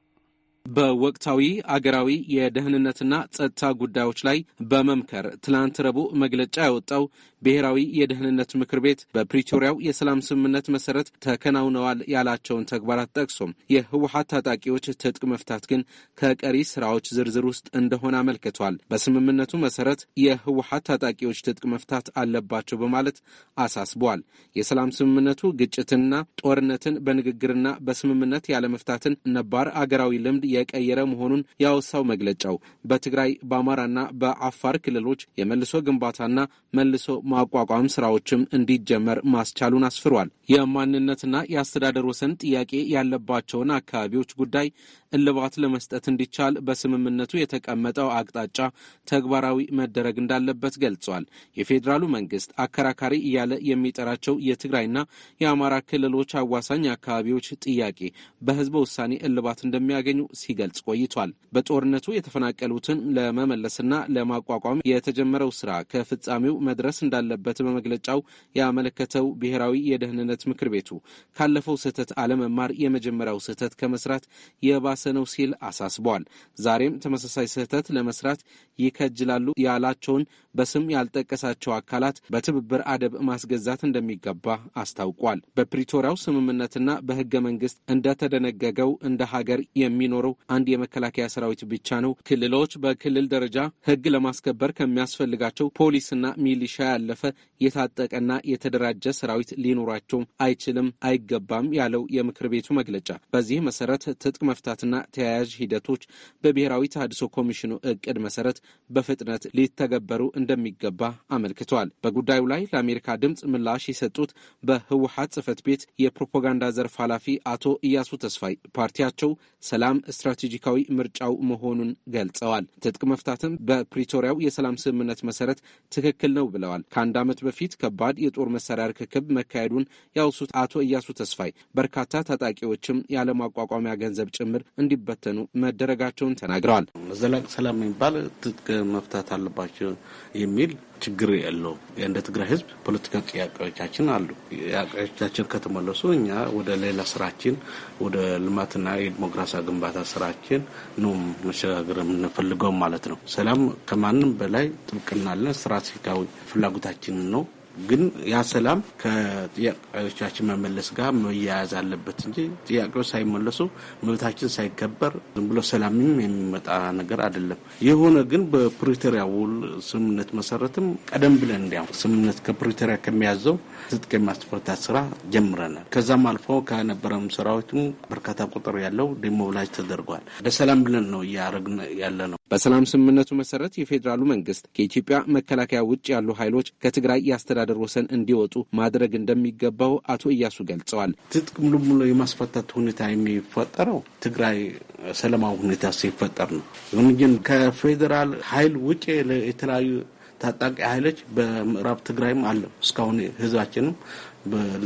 በወቅታዊ አገራዊ የደህንነትና ጸጥታ ጉዳዮች ላይ በመምከር ትላንት ረቡዕ መግለጫ ያወጣው ብሔራዊ የደህንነት ምክር ቤት በፕሪቶሪያው የሰላም ስምምነት መሰረት ተከናውነዋል ያላቸውን ተግባራት ጠቅሶም የህወሀት ታጣቂዎች ትጥቅ መፍታት ግን ከቀሪ ስራዎች ዝርዝር ውስጥ እንደሆነ አመልክቷል። በስምምነቱ መሰረት የህወሀት ታጣቂዎች ትጥቅ መፍታት አለባቸው በማለት አሳስበዋል። የሰላም ስምምነቱ ግጭትና ጦርነትን በንግግርና በስምምነት ያለመፍታትን ነባር አገራዊ ልምድ የቀየረ መሆኑን ያወሳው መግለጫው በትግራይ በአማራና በአፋር ክልሎች የመልሶ ግንባታና መልሶ ማቋቋም ስራዎችም እንዲጀመር ማስቻሉን አስፍሯል። የማንነትና የአስተዳደር ወሰን ጥያቄ ያለባቸውን አካባቢዎች ጉዳይ እልባት ለመስጠት እንዲቻል በስምምነቱ የተቀመጠው አቅጣጫ ተግባራዊ መደረግ እንዳለበት ገልጿል። የፌዴራሉ መንግስት አከራካሪ እያለ የሚጠራቸው የትግራይና የአማራ ክልሎች አዋሳኝ አካባቢዎች ጥያቄ በህዝበ ውሳኔ እልባት እንደሚያገኙ ሲገልጽ ቆይቷል። በጦርነቱ የተፈናቀሉትን ለመመለስና ለማቋቋም የተጀመረው ስራ ከፍጻሜው መድረስ እንዳለበት በመግለጫው ያመለከተው ብሔራዊ የደህንነት ምክር ቤቱ ካለፈው ስህተት አለመማር የመጀመሪያው ስህተት ከመስራት የባሰ ነው ሲል አሳስበዋል። ዛሬም ተመሳሳይ ስህተት ለመስራት ይከጅላሉ ያላቸውን በስም ያልጠቀሳቸው አካላት በትብብር አደብ ማስገዛት እንደሚገባ አስታውቋል። በፕሪቶሪያው ስምምነትና በህገ መንግስት እንደተደነገገው እንደ ሀገር የሚኖረው አንድ የመከላከያ ሰራዊት ብቻ ነው። ክልሎች በክልል ደረጃ ህግ ለማስከበር ከሚያስፈልጋቸው ፖሊስና ሚሊሻ ያለፈ የታጠቀና የተደራጀ ሰራዊት ሊኖራቸው አይችልም፣ አይገባም ያለው የምክር ቤቱ መግለጫ በዚህ መሰረት ትጥቅ መፍታትና ተያያዥ ሂደቶች በብሔራዊ ተሃድሶ ኮሚሽኑ እቅድ መሰረት በፍጥነት ሊተገበሩ እንደሚገባ አመልክቷል። በጉዳዩ ላይ ለአሜሪካ ድምፅ ምላሽ የሰጡት በህወሀት ጽህፈት ቤት የፕሮፓጋንዳ ዘርፍ ኃላፊ አቶ እያሱ ተስፋይ ፓርቲያቸው ሰላም ስትራቴጂካዊ ምርጫው መሆኑን ገልጸዋል። ትጥቅ መፍታትም በፕሪቶሪያው የሰላም ስምምነት መሰረት ትክክል ነው ብለዋል። ከአንድ ዓመት በፊት ከባድ የጦር መሳሪያ ርክክብ መካሄዱን ያውሱት አቶ እያሱ ተስፋይ በርካታ ታጣቂዎችም ያለማቋቋሚያ ገንዘብ ጭምር እንዲበተኑ መደረጋቸውን ተናግረዋል። ዘላቂ ሰላም የሚባል ትጥቅ መፍታት አለባቸው የሚል ችግር የለውም። እንደ ትግራይ ህዝብ ፖለቲካ ጥያቄዎቻችን አሉ። ጥያቄዎቻችን ከተመለሱ እኛ ወደ ሌላ ስራችን ወደ ልማትና የዲሞክራሲያ ግንባታ ስራችን ነው መሸጋገር የምንፈልገው ማለት ነው። ሰላም ከማንም በላይ ጥብቅናለን፣ አለን። ፍላጎታችን ነው። ግን ያ ሰላም ከጥያቄዎቻችን መመለስ ጋር መያያዝ አለበት እንጂ ጥያቄዎች ሳይመለሱ መብታችን ሳይከበር ዝም ብሎ ሰላምም የሚመጣ ነገር አይደለም። የሆነ ግን በፕሪቶሪያ ውል ስምምነት መሰረትም ቀደም ብለን እንዲያውም ስምምነት ከፕሪቶሪያ ከሚያዘው ትጥቅ የማስፈታት ስራ ጀምረናል። ከዛም አልፎ ከነበረም ሰራዊቱ በርካታ ቁጥር ያለው ዲሞብላጅ ተደርጓል። ለሰላም ብለን ነው እያደረግን ያለ ነው። በሰላም ስምምነቱ መሰረት የፌዴራሉ መንግስት ከኢትዮጵያ መከላከያ ውጭ ያሉ ኃይሎች ከትግራይ የአስተዳደር ወሰን እንዲወጡ ማድረግ እንደሚገባው አቶ እያሱ ገልጸዋል። ትጥቅ ሙሉ ሙሉ የማስፈታት ሁኔታ የሚፈጠረው ትግራይ ሰላማዊ ሁኔታ ሲፈጠር ነው። ከፌዴራል ኃይል ውጭ የተለያዩ ታጣቂ ኃይሎች በምዕራብ ትግራይም አለው። እስካሁን ህዝባችንም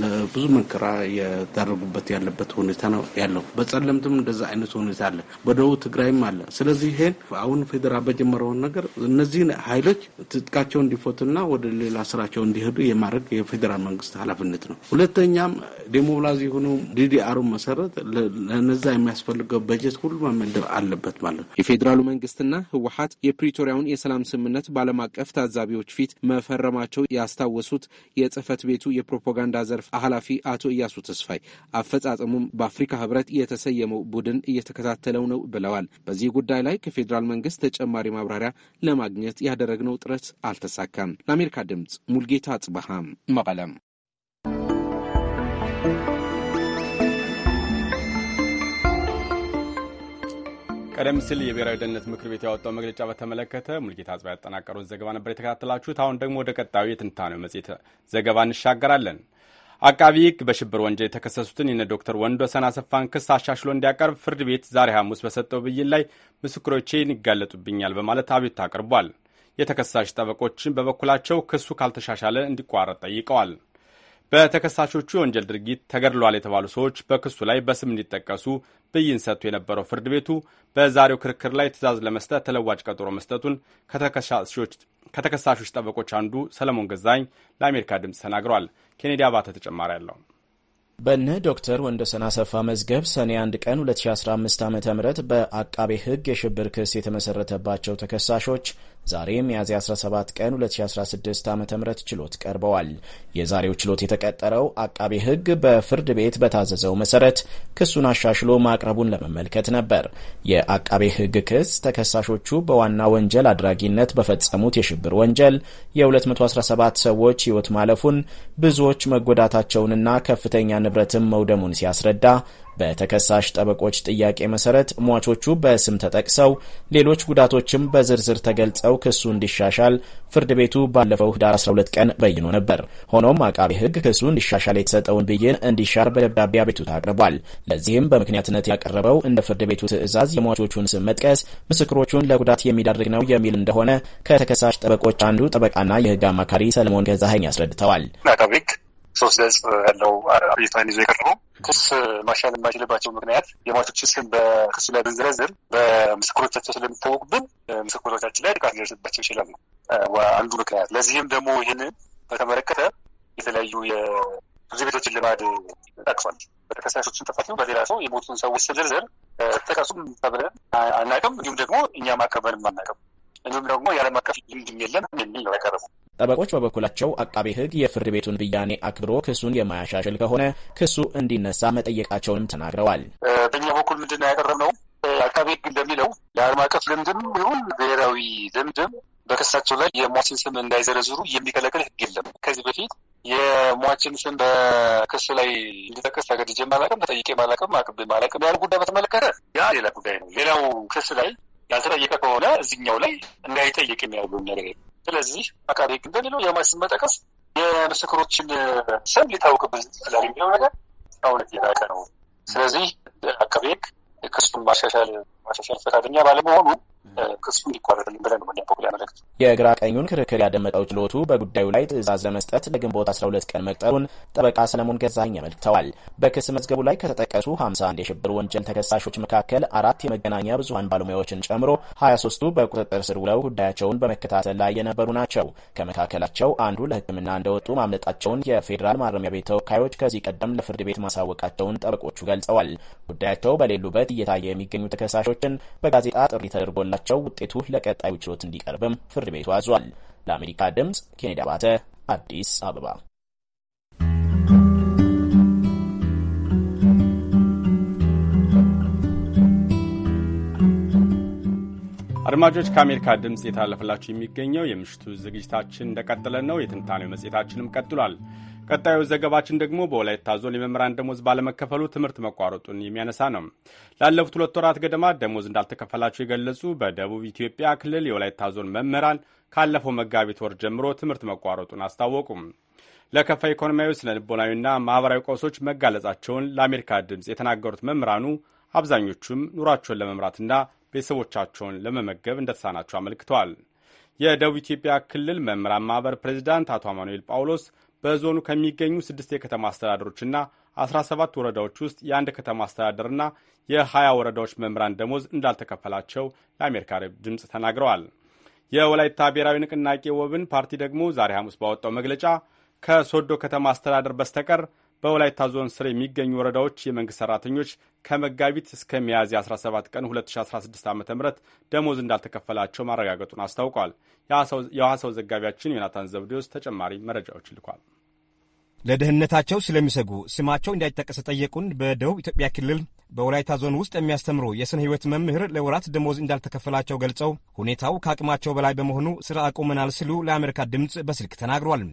ለብዙ መከራ የዳረጉበት ያለበት ሁኔታ ነው ያለው። በጸለምትም እንደዛ አይነት ሁኔታ አለ፣ በደቡብ ትግራይም አለ። ስለዚህ ይሄን አሁን ፌዴራል በጀመረውን ነገር እነዚህን ኃይሎች ትጥቃቸው እንዲፈቱና ወደ ሌላ ስራቸው እንዲሄዱ የማድረግ የፌዴራል መንግስት ኃላፊነት ነው። ሁለተኛም ዴሞብላዚ የሆኑ ዲዲአሩ መሰረት ለነዛ የሚያስፈልገው በጀት ሁሉ መመደብ አለበት ማለት ነው። የፌዴራሉ መንግስትና ህወሀት የፕሪቶሪያውን የሰላም ስምምነት በዓለም አቀፍ ታዛቢዎች ፊት መፈረማቸው ያስታወሱት የጽህፈት ቤቱ የፕሮፓጋንዳ የፕሮፓጋንዳ ዘርፍ ኃላፊ አቶ እያሱ ተስፋይ አፈጻጸሙም በአፍሪካ ህብረት የተሰየመው ቡድን እየተከታተለው ነው ብለዋል። በዚህ ጉዳይ ላይ ከፌዴራል መንግስት ተጨማሪ ማብራሪያ ለማግኘት ያደረግነው ጥረት አልተሳካም። ለአሜሪካ ድምጽ ሙልጌታ ጽበሃም መቀለም። ቀደም ሲል የብሔራዊ ደህንነት ምክር ቤት ያወጣው መግለጫ በተመለከተ ሙልጌታ ጽባ ያጠናቀሩት ዘገባ ነበር የተከታተላችሁት። አሁን ደግሞ ወደ ቀጣዩ የትንታኔው መጽሔት ዘገባ እንሻገራለን። አቃቢ ህግ በሽብር ወንጀል የተከሰሱትን የነ ዶክተር ወንዶሰን አሰፋን ክስ አሻሽሎ እንዲያቀርብ ፍርድ ቤት ዛሬ ሐሙስ በሰጠው ብይን ላይ ምስክሮቼን ይጋለጡብኛል በማለት አቤቱታ አቅርቧል። የተከሳሽ ጠበቆችን በበኩላቸው ክሱ ካልተሻሻለ እንዲቋረጥ ጠይቀዋል። በተከሳሾቹ የወንጀል ድርጊት ተገድሏል የተባሉ ሰዎች በክሱ ላይ በስም እንዲጠቀሱ ብይን ሰጥቶ የነበረው ፍርድ ቤቱ በዛሬው ክርክር ላይ ትዕዛዝ ለመስጠት ተለዋጭ ቀጠሮ መስጠቱን ከተከሳሾች ከተከሳሾች ጠበቆች አንዱ ሰለሞን ገዛኝ ለአሜሪካ ድምፅ ተናግረዋል። ኬኔዲ አባተ ተጨማሪ አለው። በነ ዶክተር ወንደሰን አሰፋ መዝገብ ሰኔ 1 ቀን 2015 ዓ ም በአቃቤ ሕግ የሽብር ክስ የተመሰረተባቸው ተከሳሾች ዛሬ ሚያዝያ 17 ቀን 2016 ዓ ም ችሎት ቀርበዋል። የዛሬው ችሎት የተቀጠረው አቃቤ ሕግ በፍርድ ቤት በታዘዘው መሰረት ክሱን አሻሽሎ ማቅረቡን ለመመልከት ነበር። የአቃቤ ሕግ ክስ ተከሳሾቹ በዋና ወንጀል አድራጊነት በፈጸሙት የሽብር ወንጀል የ217 ሰዎች ሕይወት ማለፉን፣ ብዙዎች መጎዳታቸውንና ከፍተኛ ንብረትም መውደሙን ሲያስረዳ በተከሳሽ ጠበቆች ጥያቄ መሰረት ሟቾቹ በስም ተጠቅሰው ሌሎች ጉዳቶችም በዝርዝር ተገልጸው ክሱ እንዲሻሻል ፍርድ ቤቱ ባለፈው ህዳር 12 ቀን በይኖ ነበር። ሆኖም አቃቤ ህግ ክሱ እንዲሻሻል የተሰጠውን ብይን እንዲሻር በደብዳቤ አቤቱታ አቅርቧል። ለዚህም በምክንያትነት ያቀረበው እንደ ፍርድ ቤቱ ትዕዛዝ የሟቾቹን ስም መጥቀስ ምስክሮቹን ለጉዳት የሚዳርግ ነው የሚል እንደሆነ ከተከሳሽ ጠበቆች አንዱ ጠበቃና የህግ አማካሪ ሰለሞን ገዛኸኝ አስረድተዋል። ሶስት ገጽ ያለው አቤቱታን ይዞ የቀረበው ክስ ማሻል የማይችልባቸው ምክንያት የሟቾች ስም በክሱ ላይ ብንዘረዝር በምስክሮቻቸው ስለሚታወቁብን ምስክሮቻችን ላይ ጥቃት ሊደርስባቸው ይችላል ነው አንዱ ምክንያት። ለዚህም ደግሞ ይህንን በተመለከተ የተለያዩ የፍርድ ቤቶችን ልማድ ጠቅሷል። በተከሳሾችን ጥፋት በሌላ ሰው የሞቱን ሰዎች ዝርዝር ጥቀሱም ተብለን አናቅም፣ እንዲሁም ደግሞ እኛም አቀበልም አናቅም፣ እንዲሁም ደግሞ የዓለም አቀፍ ልምድም የለን የሚል ነው ያቀረቡ ጠበቆች በበኩላቸው አቃቤ ሕግ የፍርድ ቤቱን ብያኔ አክብሮ ክሱን የማያሻሽል ከሆነ ክሱ እንዲነሳ መጠየቃቸውንም ተናግረዋል። በእኛ በኩል ምንድን ያቀረብነው አቃቤ ሕግ እንደሚለው ለዓለም አቀፍ ልምድም ይሁን ብሔራዊ ልምድም በክሳቸው ላይ የሟችን ስም እንዳይዘረዝሩ የሚከለክል ሕግ የለም። ከዚህ በፊት የሟችን ስም በክሱ ላይ እንዲጠቀስ ተገድጄ ማላቅም ተጠይቄ ማላቅም አቅቤ ማላቅም ያሉ ጉዳይ በተመለከተ ያ ሌላ ጉዳይ ነው። ሌላው ክስ ላይ ያልተጠየቀ ከሆነ እዚኛው ላይ እንዳይጠየቅ የሚያውሉ ነገር ስለዚህ አቃቤ ሕግ እንደሚለው የማስም መጠቀስ የምስክሮችን ስም ሊታወቅብን ይችላል የሚለው ነገር ከእውነት የላቀ ነው። ስለዚህ አቃቤ ሕግ ክሱን ማሻሻል ማሻሻል ፈቃደኛ ባለመሆኑ ክሱ እንዲቋረጥልን ብለን ነው እንዲያቆቁ ያመለክት። የግራ ቀኙን ክርክር ያደመጠው ችሎቱ በጉዳዩ ላይ ትዕዛዝ ለመስጠት ለግንቦት 12 ቀን መቅጠሩን ጠበቃ ሰለሞን ገዛኝ ያመልክተዋል። በክስ መዝገቡ ላይ ከተጠቀሱ 51 የሽብር ወንጀል ተከሳሾች መካከል አራት የመገናኛ ብዙሀን ባለሙያዎችን ጨምሮ 23ቱ በቁጥጥር ስር ውለው ጉዳያቸውን በመከታተል ላይ የነበሩ ናቸው። ከመካከላቸው አንዱ ለሕክምና እንደወጡ ማምለጣቸውን የፌዴራል ማረሚያ ቤት ተወካዮች ከዚህ ቀደም ለፍርድ ቤት ማሳወቃቸውን ጠበቆቹ ገልጸዋል። ጉዳያቸው በሌሉበት እየታየ የሚገኙ ተከሳሾችን በጋዜጣ ጥሪ ተደርጎል ስላላቸው ውጤቱ ለቀጣዩ ችሎት እንዲቀርብም ፍርድ ቤቱ አዟል። ለአሜሪካ ድምፅ ኬኔዲ አባተ አዲስ አበባ አድማጮች ከአሜሪካ ድምፅ እየተላለፈላችሁ የሚገኘው የምሽቱ ዝግጅታችን እንደቀጠለ ነው። የትንታኔው መጽሔታችንም ቀጥሏል። ቀጣዩ ዘገባችን ደግሞ በወላይታ ዞን የመምህራን ደሞዝ ባለመከፈሉ ትምህርት መቋረጡን የሚያነሳ ነው። ላለፉት ሁለት ወራት ገደማ ደሞዝ እንዳልተከፈላቸው የገለጹ በደቡብ ኢትዮጵያ ክልል የወላይታ ዞን መምህራን ካለፈው መጋቢት ወር ጀምሮ ትምህርት መቋረጡን አስታወቁም። ለከፋ ኢኮኖሚያዊ፣ ስነ ልቦናዊና ማኅበራዊ ቀውሶች መጋለጻቸውን ለአሜሪካ ድምፅ የተናገሩት መምህራኑ አብዛኞቹም ኑሯቸውን ለመምራትና ቤተሰቦቻቸውን ለመመገብ እንደተሳናቸው አመልክተዋል። የደቡብ ኢትዮጵያ ክልል መምህራን ማህበር ፕሬዚዳንት አቶ አማኑኤል ጳውሎስ በዞኑ ከሚገኙ ስድስት የከተማ አስተዳደሮችና 17 ወረዳዎች ውስጥ የአንድ ከተማ አስተዳደርና የ20 ወረዳዎች መምህራን ደሞዝ እንዳልተከፈላቸው ለአሜሪካ ድምፅ ተናግረዋል። የወላይታ ብሔራዊ ንቅናቄ ወብን ፓርቲ ደግሞ ዛሬ ሐሙስ ባወጣው መግለጫ ከሶዶ ከተማ አስተዳደር በስተቀር በወላይታ ዞን ስር የሚገኙ ወረዳዎች የመንግሥት ሠራተኞች ከመጋቢት እስከ ሚያዝያ 17 ቀን 2016 ዓ ም ደሞዝ እንዳልተከፈላቸው ማረጋገጡን አስታውቋል። የሐዋሳው ዘጋቢያችን ዮናታን ዘብዴዎስ ተጨማሪ መረጃዎች ልኳል። ለደህንነታቸው ስለሚሰጉ ስማቸው እንዳይጠቀስ ጠየቁን በደቡብ ኢትዮጵያ ክልል በወላይታ ዞን ውስጥ የሚያስተምሩ የስነ ህይወት መምህር ለወራት ደሞዝ እንዳልተከፈላቸው ገልጸው ሁኔታው ከአቅማቸው በላይ በመሆኑ ስራ አቁመናል ሲሉ ለአሜሪካ ድምፅ በስልክ ተናግሯል።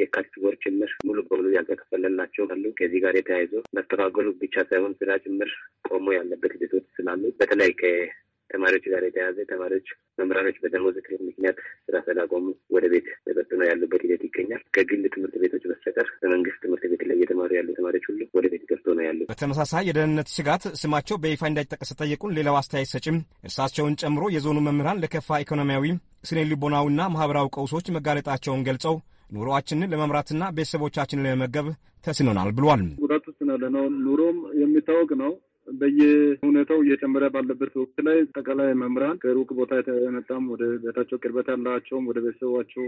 የካቲት ወር ጭምር ሙሉ በሙሉ ያልተከፈለላቸው አሉ። ከዚህ ጋር የተያይዞ መስተጓጎሉ ብቻ ሳይሆን ስራ ጭምር ቆሞ ያለበት ሂደቶች ስላሉ በተለይ ተማሪዎች ጋር የተያዘ ተማሪዎች መምህራኖች በደሞዝ ክፍል ምክንያት ስራ ስላቆሙ ወደ ቤት ተበትኖ ያሉበት ሂደት ይገኛል። ከግል ትምህርት ቤቶች በስተቀር በመንግስት ትምህርት ቤት ላይ እየተማሩ ያሉ ተማሪዎች ሁሉ ወደ ቤት ገብቶ ነው ያሉ። በተመሳሳይ የደህንነት ስጋት ስማቸው በይፋ እንዳይጠቀስ ጠየቁን። ሌላው አስተያየት ሰጭም እርሳቸውን ጨምሮ የዞኑ መምህራን ለከፋ ኢኮኖሚያዊ፣ ስነ ልቦናዊና ማህበራዊ ቀውሶች መጋለጣቸውን ገልጸው ኑሮአችንን ለመምራትና ቤተሰቦቻችንን ለመመገብ ተስኖናል ብሏል። ጉዳት ውስጥ ነው ኑሮም የሚታወቅ ነው በየሁኔታው እየጨመረ ባለበት ወቅት ላይ አጠቃላይ መምህራን ከሩቅ ቦታ የተመጣም ወደ ቤታቸው ቅርበት ያላቸውም ወደ ቤተሰባቸው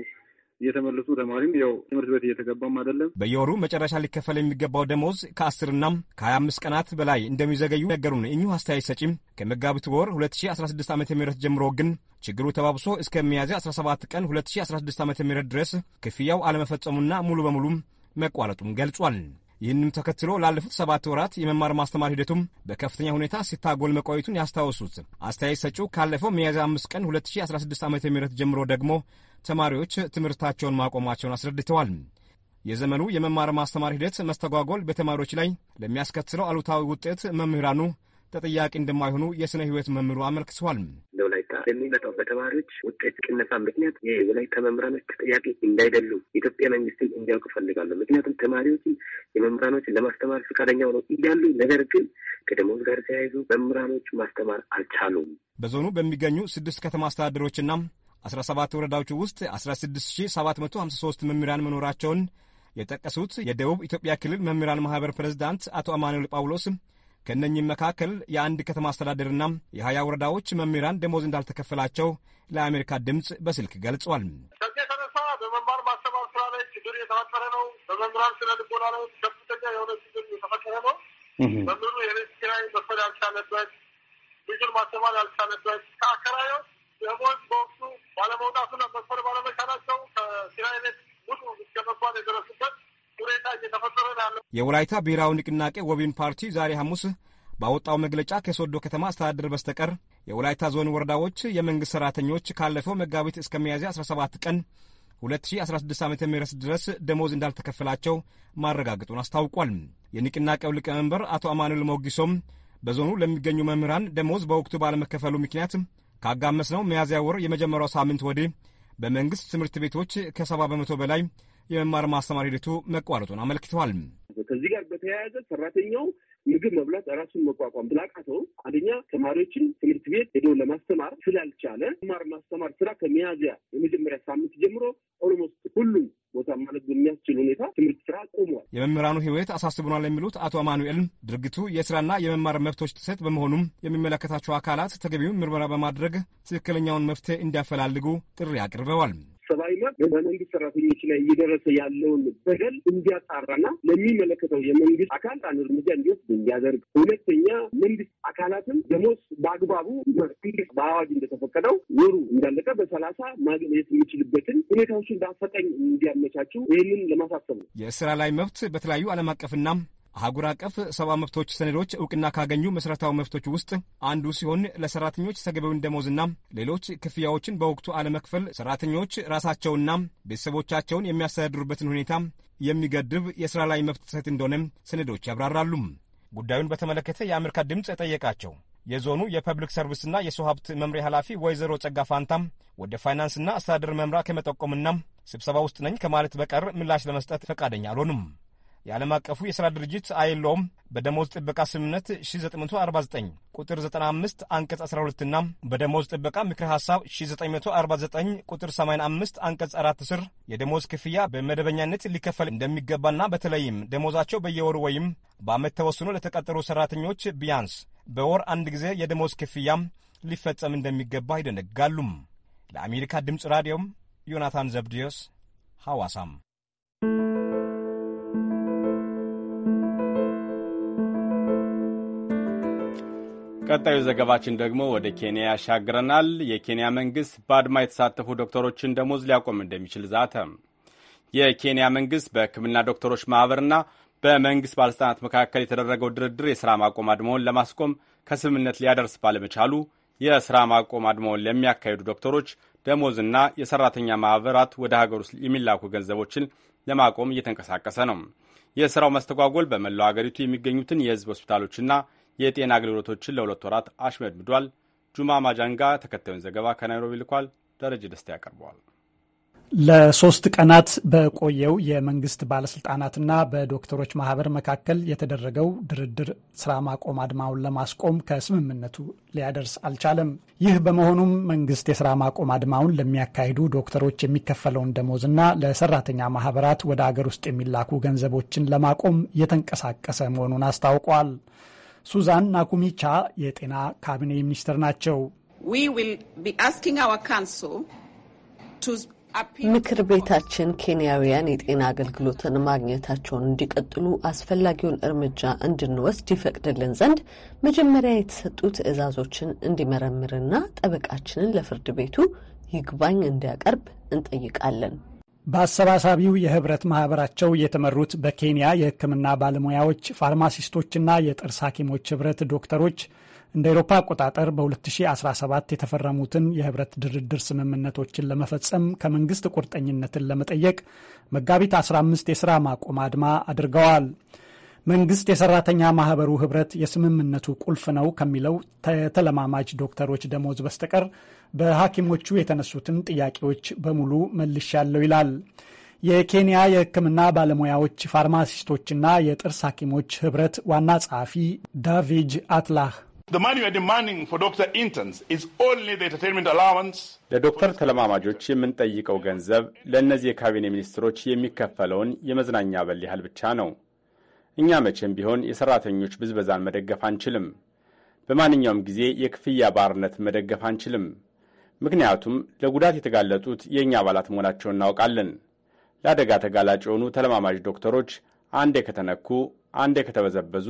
እየተመለሱ ተማሪም ያው ትምህርት ቤት እየተገባም አይደለም። በየወሩ መጨረሻ ሊከፈል የሚገባው ደሞዝ ከአስርና ከሀያ አምስት ቀናት በላይ እንደሚዘገዩ ነገሩን እኚሁ አስተያየት ሰጪም ከመጋቢት ወር 2016 ዓ ም ጀምሮ ግን ችግሩ ተባብሶ እስከ ሚያዝያ 17 ቀን 2016 ዓ ም ድረስ ክፍያው አለመፈጸሙና ሙሉ በሙሉም መቋረጡም ገልጿል። ይህንም ተከትሎ ላለፉት ሰባት ወራት የመማር ማስተማር ሂደቱም በከፍተኛ ሁኔታ ሲታጎል መቆየቱን ያስታወሱት አስተያየት ሰጪው ካለፈው ሚያዝያ አምስት ቀን 2016 ዓ ም ጀምሮ ደግሞ ተማሪዎች ትምህርታቸውን ማቆማቸውን አስረድተዋል። የዘመኑ የመማር ማስተማር ሂደት መስተጓጎል በተማሪዎች ላይ ለሚያስከትለው አሉታዊ ውጤት መምህራኑ ተጠያቂ እንደማይሆኑ የሥነ ሕይወት መምህሩ አመልክተዋል። ወላይታ በሚመጣው በተማሪዎች ውጤት ቅነሳ ምክንያት የወላይታ መምህራኖች ተጠያቂ እንዳይደሉ ኢትዮጵያ መንግስትን እንዲያውቅ ፈልጋሉ። ምክንያቱም ተማሪዎችን የመምህራኖችን ለማስተማር ፈቃደኛ ነው እያሉ ነገር ግን ከደሞዝ ጋር ተያይዙ መምህራኖች ማስተማር አልቻሉም። በዞኑ በሚገኙ ስድስት ከተማ አስተዳደሮችና አስራ ሰባት ወረዳዎች ውስጥ አስራ ስድስት ሺ ሰባት መቶ ሀምሳ ሶስት መምህራን መኖራቸውን የጠቀሱት የደቡብ ኢትዮጵያ ክልል መምህራን ማህበር ፕሬዚዳንት አቶ አማኑኤል ጳውሎስ ከእነኚህም መካከል የአንድ ከተማ አስተዳደርና የሀያ ወረዳዎች መምህራን ደሞዝ እንዳልተከፈላቸው ለአሜሪካ ድምፅ በስልክ ገልጿል። ከዚህ የተነሳ በመማር ማስተማር ስራ ላይ ችግር የተፈጠረ ነው። በመምህራን ስነ ልቦና ላይ ከፍተኛ የሆነ ችግር የተፈጠረ ነው። መምህሩ የቤት ኪራይ መክፈል ያልቻለበት፣ ልጁን ማስተማር ያልቻለበት ከአከራዮች ደሞዝ በወቅቱ ባለመውጣቱና መክፈል ባለመቻላቸው ከኪራይ ቤት ሙሉ እስከ መባል የደረሱበት የወላይታ ብሔራዊ ንቅናቄ ወቢን ፓርቲ ዛሬ ሐሙስ ባወጣው መግለጫ ከሶዶ ከተማ አስተዳደር በስተቀር የወላይታ ዞን ወረዳዎች የመንግሥት ሠራተኞች ካለፈው መጋቢት እስከ ሚያዝያ 17 ቀን 2016 ዓ ም ድረስ ደሞዝ እንዳልተከፈላቸው ማረጋገጡን አስታውቋል። የንቅናቄው ሊቀመንበር አቶ አማኑኤል ሞጊሶም በዞኑ ለሚገኙ መምህራን ደሞዝ በወቅቱ ባለመከፈሉ ምክንያት ካጋመስነው ነው ሚያዝያ ወር የመጀመሪያው ሳምንት ወዲህ በመንግሥት ትምህርት ቤቶች ከ70 በመቶ በላይ የመማር ማስተማር ሂደቱ መቋረጡን አመልክተዋል። ከዚህ ጋር በተያያዘ ሰራተኛው ምግብ መብላት ራሱን መቋቋም ስላቃተው አንደኛ ተማሪዎችን ትምህርት ቤት ሄዶ ለማስተማር ስላልቻለ መማር ማስተማር ስራ ከሚያዝያ የመጀመሪያ ሳምንት ጀምሮ ኦልሞስት ሁሉም ቦታ ማለት በሚያስችል ሁኔታ ትምህርት ስራ ቆሟል። የመምህራኑ ህይወት አሳስብኗል የሚሉት አቶ አማኑኤል ድርጊቱ የስራና የመማር መብቶች ጥሰት በመሆኑም የሚመለከታቸው አካላት ተገቢውን ምርመራ በማድረግ ትክክለኛውን መፍትሄ እንዲያፈላልጉ ጥሪ አቅርበዋል። ሰብአዊ መብት በመንግስት ሰራተኞች ላይ እየደረሰ ያለውን በደል እንዲያጣራና ለሚመለከተው የመንግስት አካል አንድ እርምጃ እንዲወስድ እንዲያደርግ፣ ሁለተኛ መንግስት አካላትም ደሞዝ በአግባቡ መንግስት በአዋጅ እንደተፈቀደው ወሩ እንዳለቀ በሰላሳ ማግኘት የሚችልበትን ሁኔታዎችን በአፈጣኝ እንዲያመቻችው ይህንን ለማሳሰብ ነው። የስራ ላይ መብት በተለያዩ ዓለም አቀፍና አህጉር አቀፍ ሰብአዊ መብቶች ሰነዶች እውቅና ካገኙ መሠረታዊ መብቶች ውስጥ አንዱ ሲሆን ለሰራተኞች ተገቢውን ደሞዝና ሌሎች ክፍያዎችን በወቅቱ አለመክፈል ሰራተኞች ራሳቸውና ቤተሰቦቻቸውን የሚያስተዳድሩበትን ሁኔታ የሚገድብ የሥራ ላይ መብት ጥሰት እንደሆነም ሰነዶች ያብራራሉ። ጉዳዩን በተመለከተ የአሜሪካ ድምፅ ጠየቃቸው። የዞኑ የፐብሊክ ሰርቪስና የሰው ሀብት መምሪያ ኃላፊ ወይዘሮ ጸጋ ፋንታም ወደ ፋይናንስና አስተዳደር መምሪያ ከመጠቆምና ስብሰባ ውስጥ ነኝ ከማለት በቀር ምላሽ ለመስጠት ፈቃደኛ አልሆኑም። የዓለም አቀፉ የሥራ ድርጅት አይሎም በደሞዝ ጥበቃ ስምምነት 1949 ቁጥር 95 አንቀጽ 12 እና በደሞዝ ጥበቃ ምክር ሐሳብ 1949 ቁጥር 85 አንቀጽ 4 ስር የደሞዝ ክፍያ በመደበኛነት ሊከፈል እንደሚገባና በተለይም ደሞዛቸው በየወሩ ወይም በዓመት ተወስኖ ለተቀጠሩ ሠራተኞች ቢያንስ በወር አንድ ጊዜ የደሞዝ ክፍያም ሊፈጸም እንደሚገባ ይደነጋሉም። ለአሜሪካ ድምፅ ራዲዮም ዮናታን ዘብድዮስ ሐዋሳም ቀጣዩ ዘገባችን ደግሞ ወደ ኬንያ ያሻግረናል። የኬንያ መንግስት በአድማ የተሳተፉ ዶክተሮችን ደሞዝ ሊያቆም እንደሚችል ዛተ። የኬንያ መንግስት በሕክምና ዶክተሮች ማኅበርና በመንግስት ባለሥልጣናት መካከል የተደረገው ድርድር የሥራ ማቆም አድማውን ለማስቆም ከስምምነት ሊያደርስ ባለመቻሉ የሥራ ማቆም አድማውን ለሚያካሂዱ ዶክተሮች ደሞዝና የሠራተኛ ማኅበራት ወደ ሀገር ውስጥ የሚላኩ ገንዘቦችን ለማቆም እየተንቀሳቀሰ ነው። የሥራው መስተጓጎል በመላው አገሪቱ የሚገኙትን የሕዝብ ሆስፒታሎችና የጤና አገልግሎቶችን ለሁለት ወራት አሽመድምዷል። ጁማ ማጃንጋ ተከታዩን ዘገባ ከናይሮቢ ልኳል። ደረጀ ደስታ ያቀርበዋል። ለሶስት ቀናት በቆየው የመንግስት ባለስልጣናትና በዶክተሮች ማህበር መካከል የተደረገው ድርድር ስራ ማቆም አድማውን ለማስቆም ከስምምነቱ ሊያደርስ አልቻለም። ይህ በመሆኑም መንግስት የስራ ማቆም አድማውን ለሚያካሂዱ ዶክተሮች የሚከፈለውን ደሞዝና ለሰራተኛ ማህበራት ወደ አገር ውስጥ የሚላኩ ገንዘቦችን ለማቆም እየተንቀሳቀሰ መሆኑን አስታውቋል። ሱዛን ናኩሚቻ የጤና ካቢኔ ሚኒስትር ናቸው። ምክር ቤታችን ኬንያውያን የጤና አገልግሎትን ማግኘታቸውን እንዲቀጥሉ አስፈላጊውን እርምጃ እንድንወስድ ይፈቅድልን ዘንድ መጀመሪያ የተሰጡ ትዕዛዞችን እንዲመረምርና ጠበቃችንን ለፍርድ ቤቱ ይግባኝ እንዲያቀርብ እንጠይቃለን። በአሰባሳቢው የህብረት ማህበራቸው የተመሩት በኬንያ የህክምና ባለሙያዎች ፋርማሲስቶችና የጥርስ ሐኪሞች ህብረት ዶክተሮች እንደ ኤሮፓ አቆጣጠር በ2017 የተፈረሙትን የህብረት ድርድር ስምምነቶችን ለመፈጸም ከመንግስት ቁርጠኝነትን ለመጠየቅ መጋቢት 15 የሥራ ማቆም አድማ አድርገዋል። መንግስት የሰራተኛ ማህበሩ ህብረት የስምምነቱ ቁልፍ ነው ከሚለው ተለማማጅ ዶክተሮች ደሞዝ በስተቀር በሐኪሞቹ የተነሱትን ጥያቄዎች በሙሉ መልሻለሁ ይላል። የኬንያ የሕክምና ባለሙያዎች ፋርማሲስቶችና የጥርስ ሐኪሞች ህብረት ዋና ጸሐፊ ዳቪጅ አትላህ ለዶክተር ተለማማጆች የምንጠይቀው ገንዘብ ለእነዚህ የካቢኔ ሚኒስትሮች የሚከፈለውን የመዝናኛ በል ያህል ብቻ ነው። እኛ መቼም ቢሆን የሠራተኞች ብዝበዛን መደገፍ አንችልም። በማንኛውም ጊዜ የክፍያ ባርነት መደገፍ አንችልም። ምክንያቱም ለጉዳት የተጋለጡት የእኛ አባላት መሆናቸውን እናውቃለን። ለአደጋ ተጋላጭ የሆኑ ተለማማጅ ዶክተሮች አንዴ ከተነኩ፣ አንዴ ከተበዘበዙ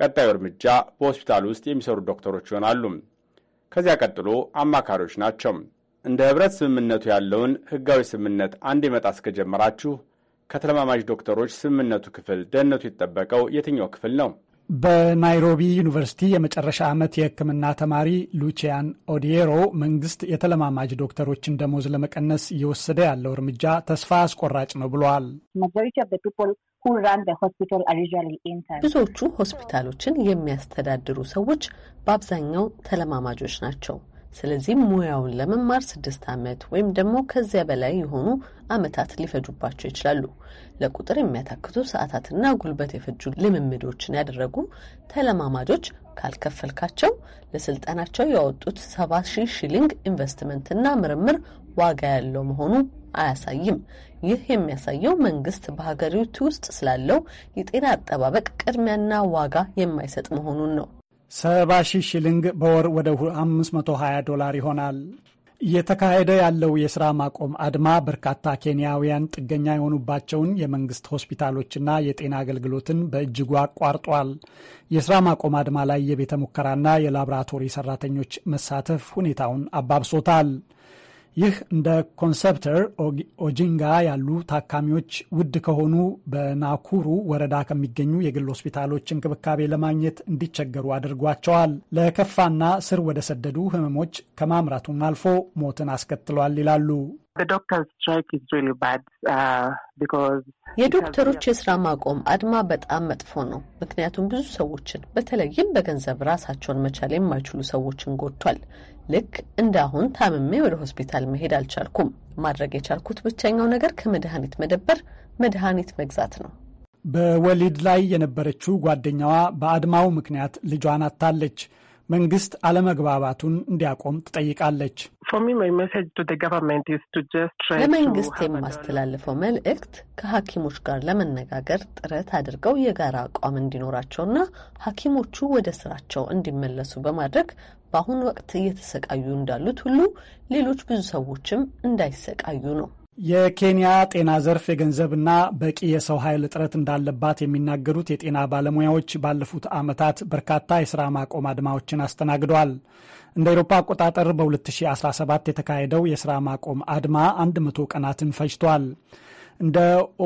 ቀጣዩ እርምጃ በሆስፒታል ውስጥ የሚሰሩ ዶክተሮች ይሆናሉ። ከዚያ ቀጥሎ አማካሪዎች ናቸው። እንደ ህብረት ስምምነቱ ያለውን ህጋዊ ስምምነት አንዴ መጣ እስከጀመራችሁ ከተለማማጅ ዶክተሮች ስምምነቱ ክፍል ደህንነቱ የተጠበቀው የትኛው ክፍል ነው? በናይሮቢ ዩኒቨርሲቲ የመጨረሻ ዓመት የሕክምና ተማሪ ሉቺያን ኦዲየሮ መንግስት የተለማማጅ ዶክተሮችን ደሞዝ ለመቀነስ እየወሰደ ያለው እርምጃ ተስፋ አስቆራጭ ነው ብለዋል። ብዙዎቹ ሆስፒታሎችን የሚያስተዳድሩ ሰዎች በአብዛኛው ተለማማጆች ናቸው። ስለዚህም ሙያውን ለመማር ስድስት ዓመት ወይም ደግሞ ከዚያ በላይ የሆኑ ዓመታት ሊፈጁባቸው ይችላሉ። ለቁጥር የሚያታክቱ ሰዓታትና ጉልበት የፈጁ ልምምዶችን ያደረጉ ተለማማጆች ካልከፈልካቸው ለስልጠናቸው ያወጡት ሰባ ሺህ ሺሊንግ ኢንቨስትመንትና ምርምር ዋጋ ያለው መሆኑ አያሳይም። ይህ የሚያሳየው መንግስት በሀገሪቱ ውስጥ ስላለው የጤና አጠባበቅ ቅድሚያና ዋጋ የማይሰጥ መሆኑን ነው። ሰባ ሺሊንግ በወር ወደ 520 ዶላር ይሆናል። እየተካሄደ ያለው የሥራ ማቆም አድማ በርካታ ኬንያውያን ጥገኛ የሆኑባቸውን የመንግሥት ሆስፒታሎችና የጤና አገልግሎትን በእጅጉ አቋርጧል። የሥራ ማቆም አድማ ላይ የቤተ ሙከራና የላብራቶሪ ሠራተኞች መሳተፍ ሁኔታውን አባብሶታል። ይህ እንደ ኮንሰፕተር ኦጂንጋ ያሉ ታካሚዎች ውድ ከሆኑ በናኩሩ ወረዳ ከሚገኙ የግል ሆስፒታሎች እንክብካቤ ለማግኘት እንዲቸገሩ አድርጓቸዋል። ለከፋና ስር ወደ ሰደዱ ህመሞች ከማምራቱም አልፎ ሞትን አስከትሏል ይላሉ። uh, የዶክተሮች የስራ ማቆም አድማ በጣም መጥፎ ነው። ምክንያቱም ብዙ ሰዎችን በተለይም በገንዘብ ራሳቸውን መቻል የማይችሉ ሰዎችን ጎድቷል። ልክ እንደ አሁን ታምሜ ወደ ሆስፒታል መሄድ አልቻልኩም። ማድረግ የቻልኩት ብቸኛው ነገር ከመድኃኒት መደብር መድኃኒት መግዛት ነው። በወሊድ ላይ የነበረችው ጓደኛዋ በአድማው ምክንያት ልጇን አታለች። መንግስት አለመግባባቱን እንዲያቆም ትጠይቃለች። ለመንግስት የማስተላልፈው መልእክት ከሐኪሞች ጋር ለመነጋገር ጥረት አድርገው የጋራ አቋም እንዲኖራቸውና ሐኪሞቹ ወደ ስራቸው እንዲመለሱ በማድረግ በአሁኑ ወቅት እየተሰቃዩ እንዳሉት ሁሉ ሌሎች ብዙ ሰዎችም እንዳይሰቃዩ ነው። የኬንያ ጤና ዘርፍ የገንዘብና በቂ የሰው ኃይል እጥረት እንዳለባት የሚናገሩት የጤና ባለሙያዎች ባለፉት ዓመታት በርካታ የሥራ ማቆም አድማዎችን አስተናግደዋል። እንደ አውሮፓ አቆጣጠር በ2017 የተካሄደው የሥራ ማቆም አድማ 100 ቀናትን ፈጅቷል። እንደ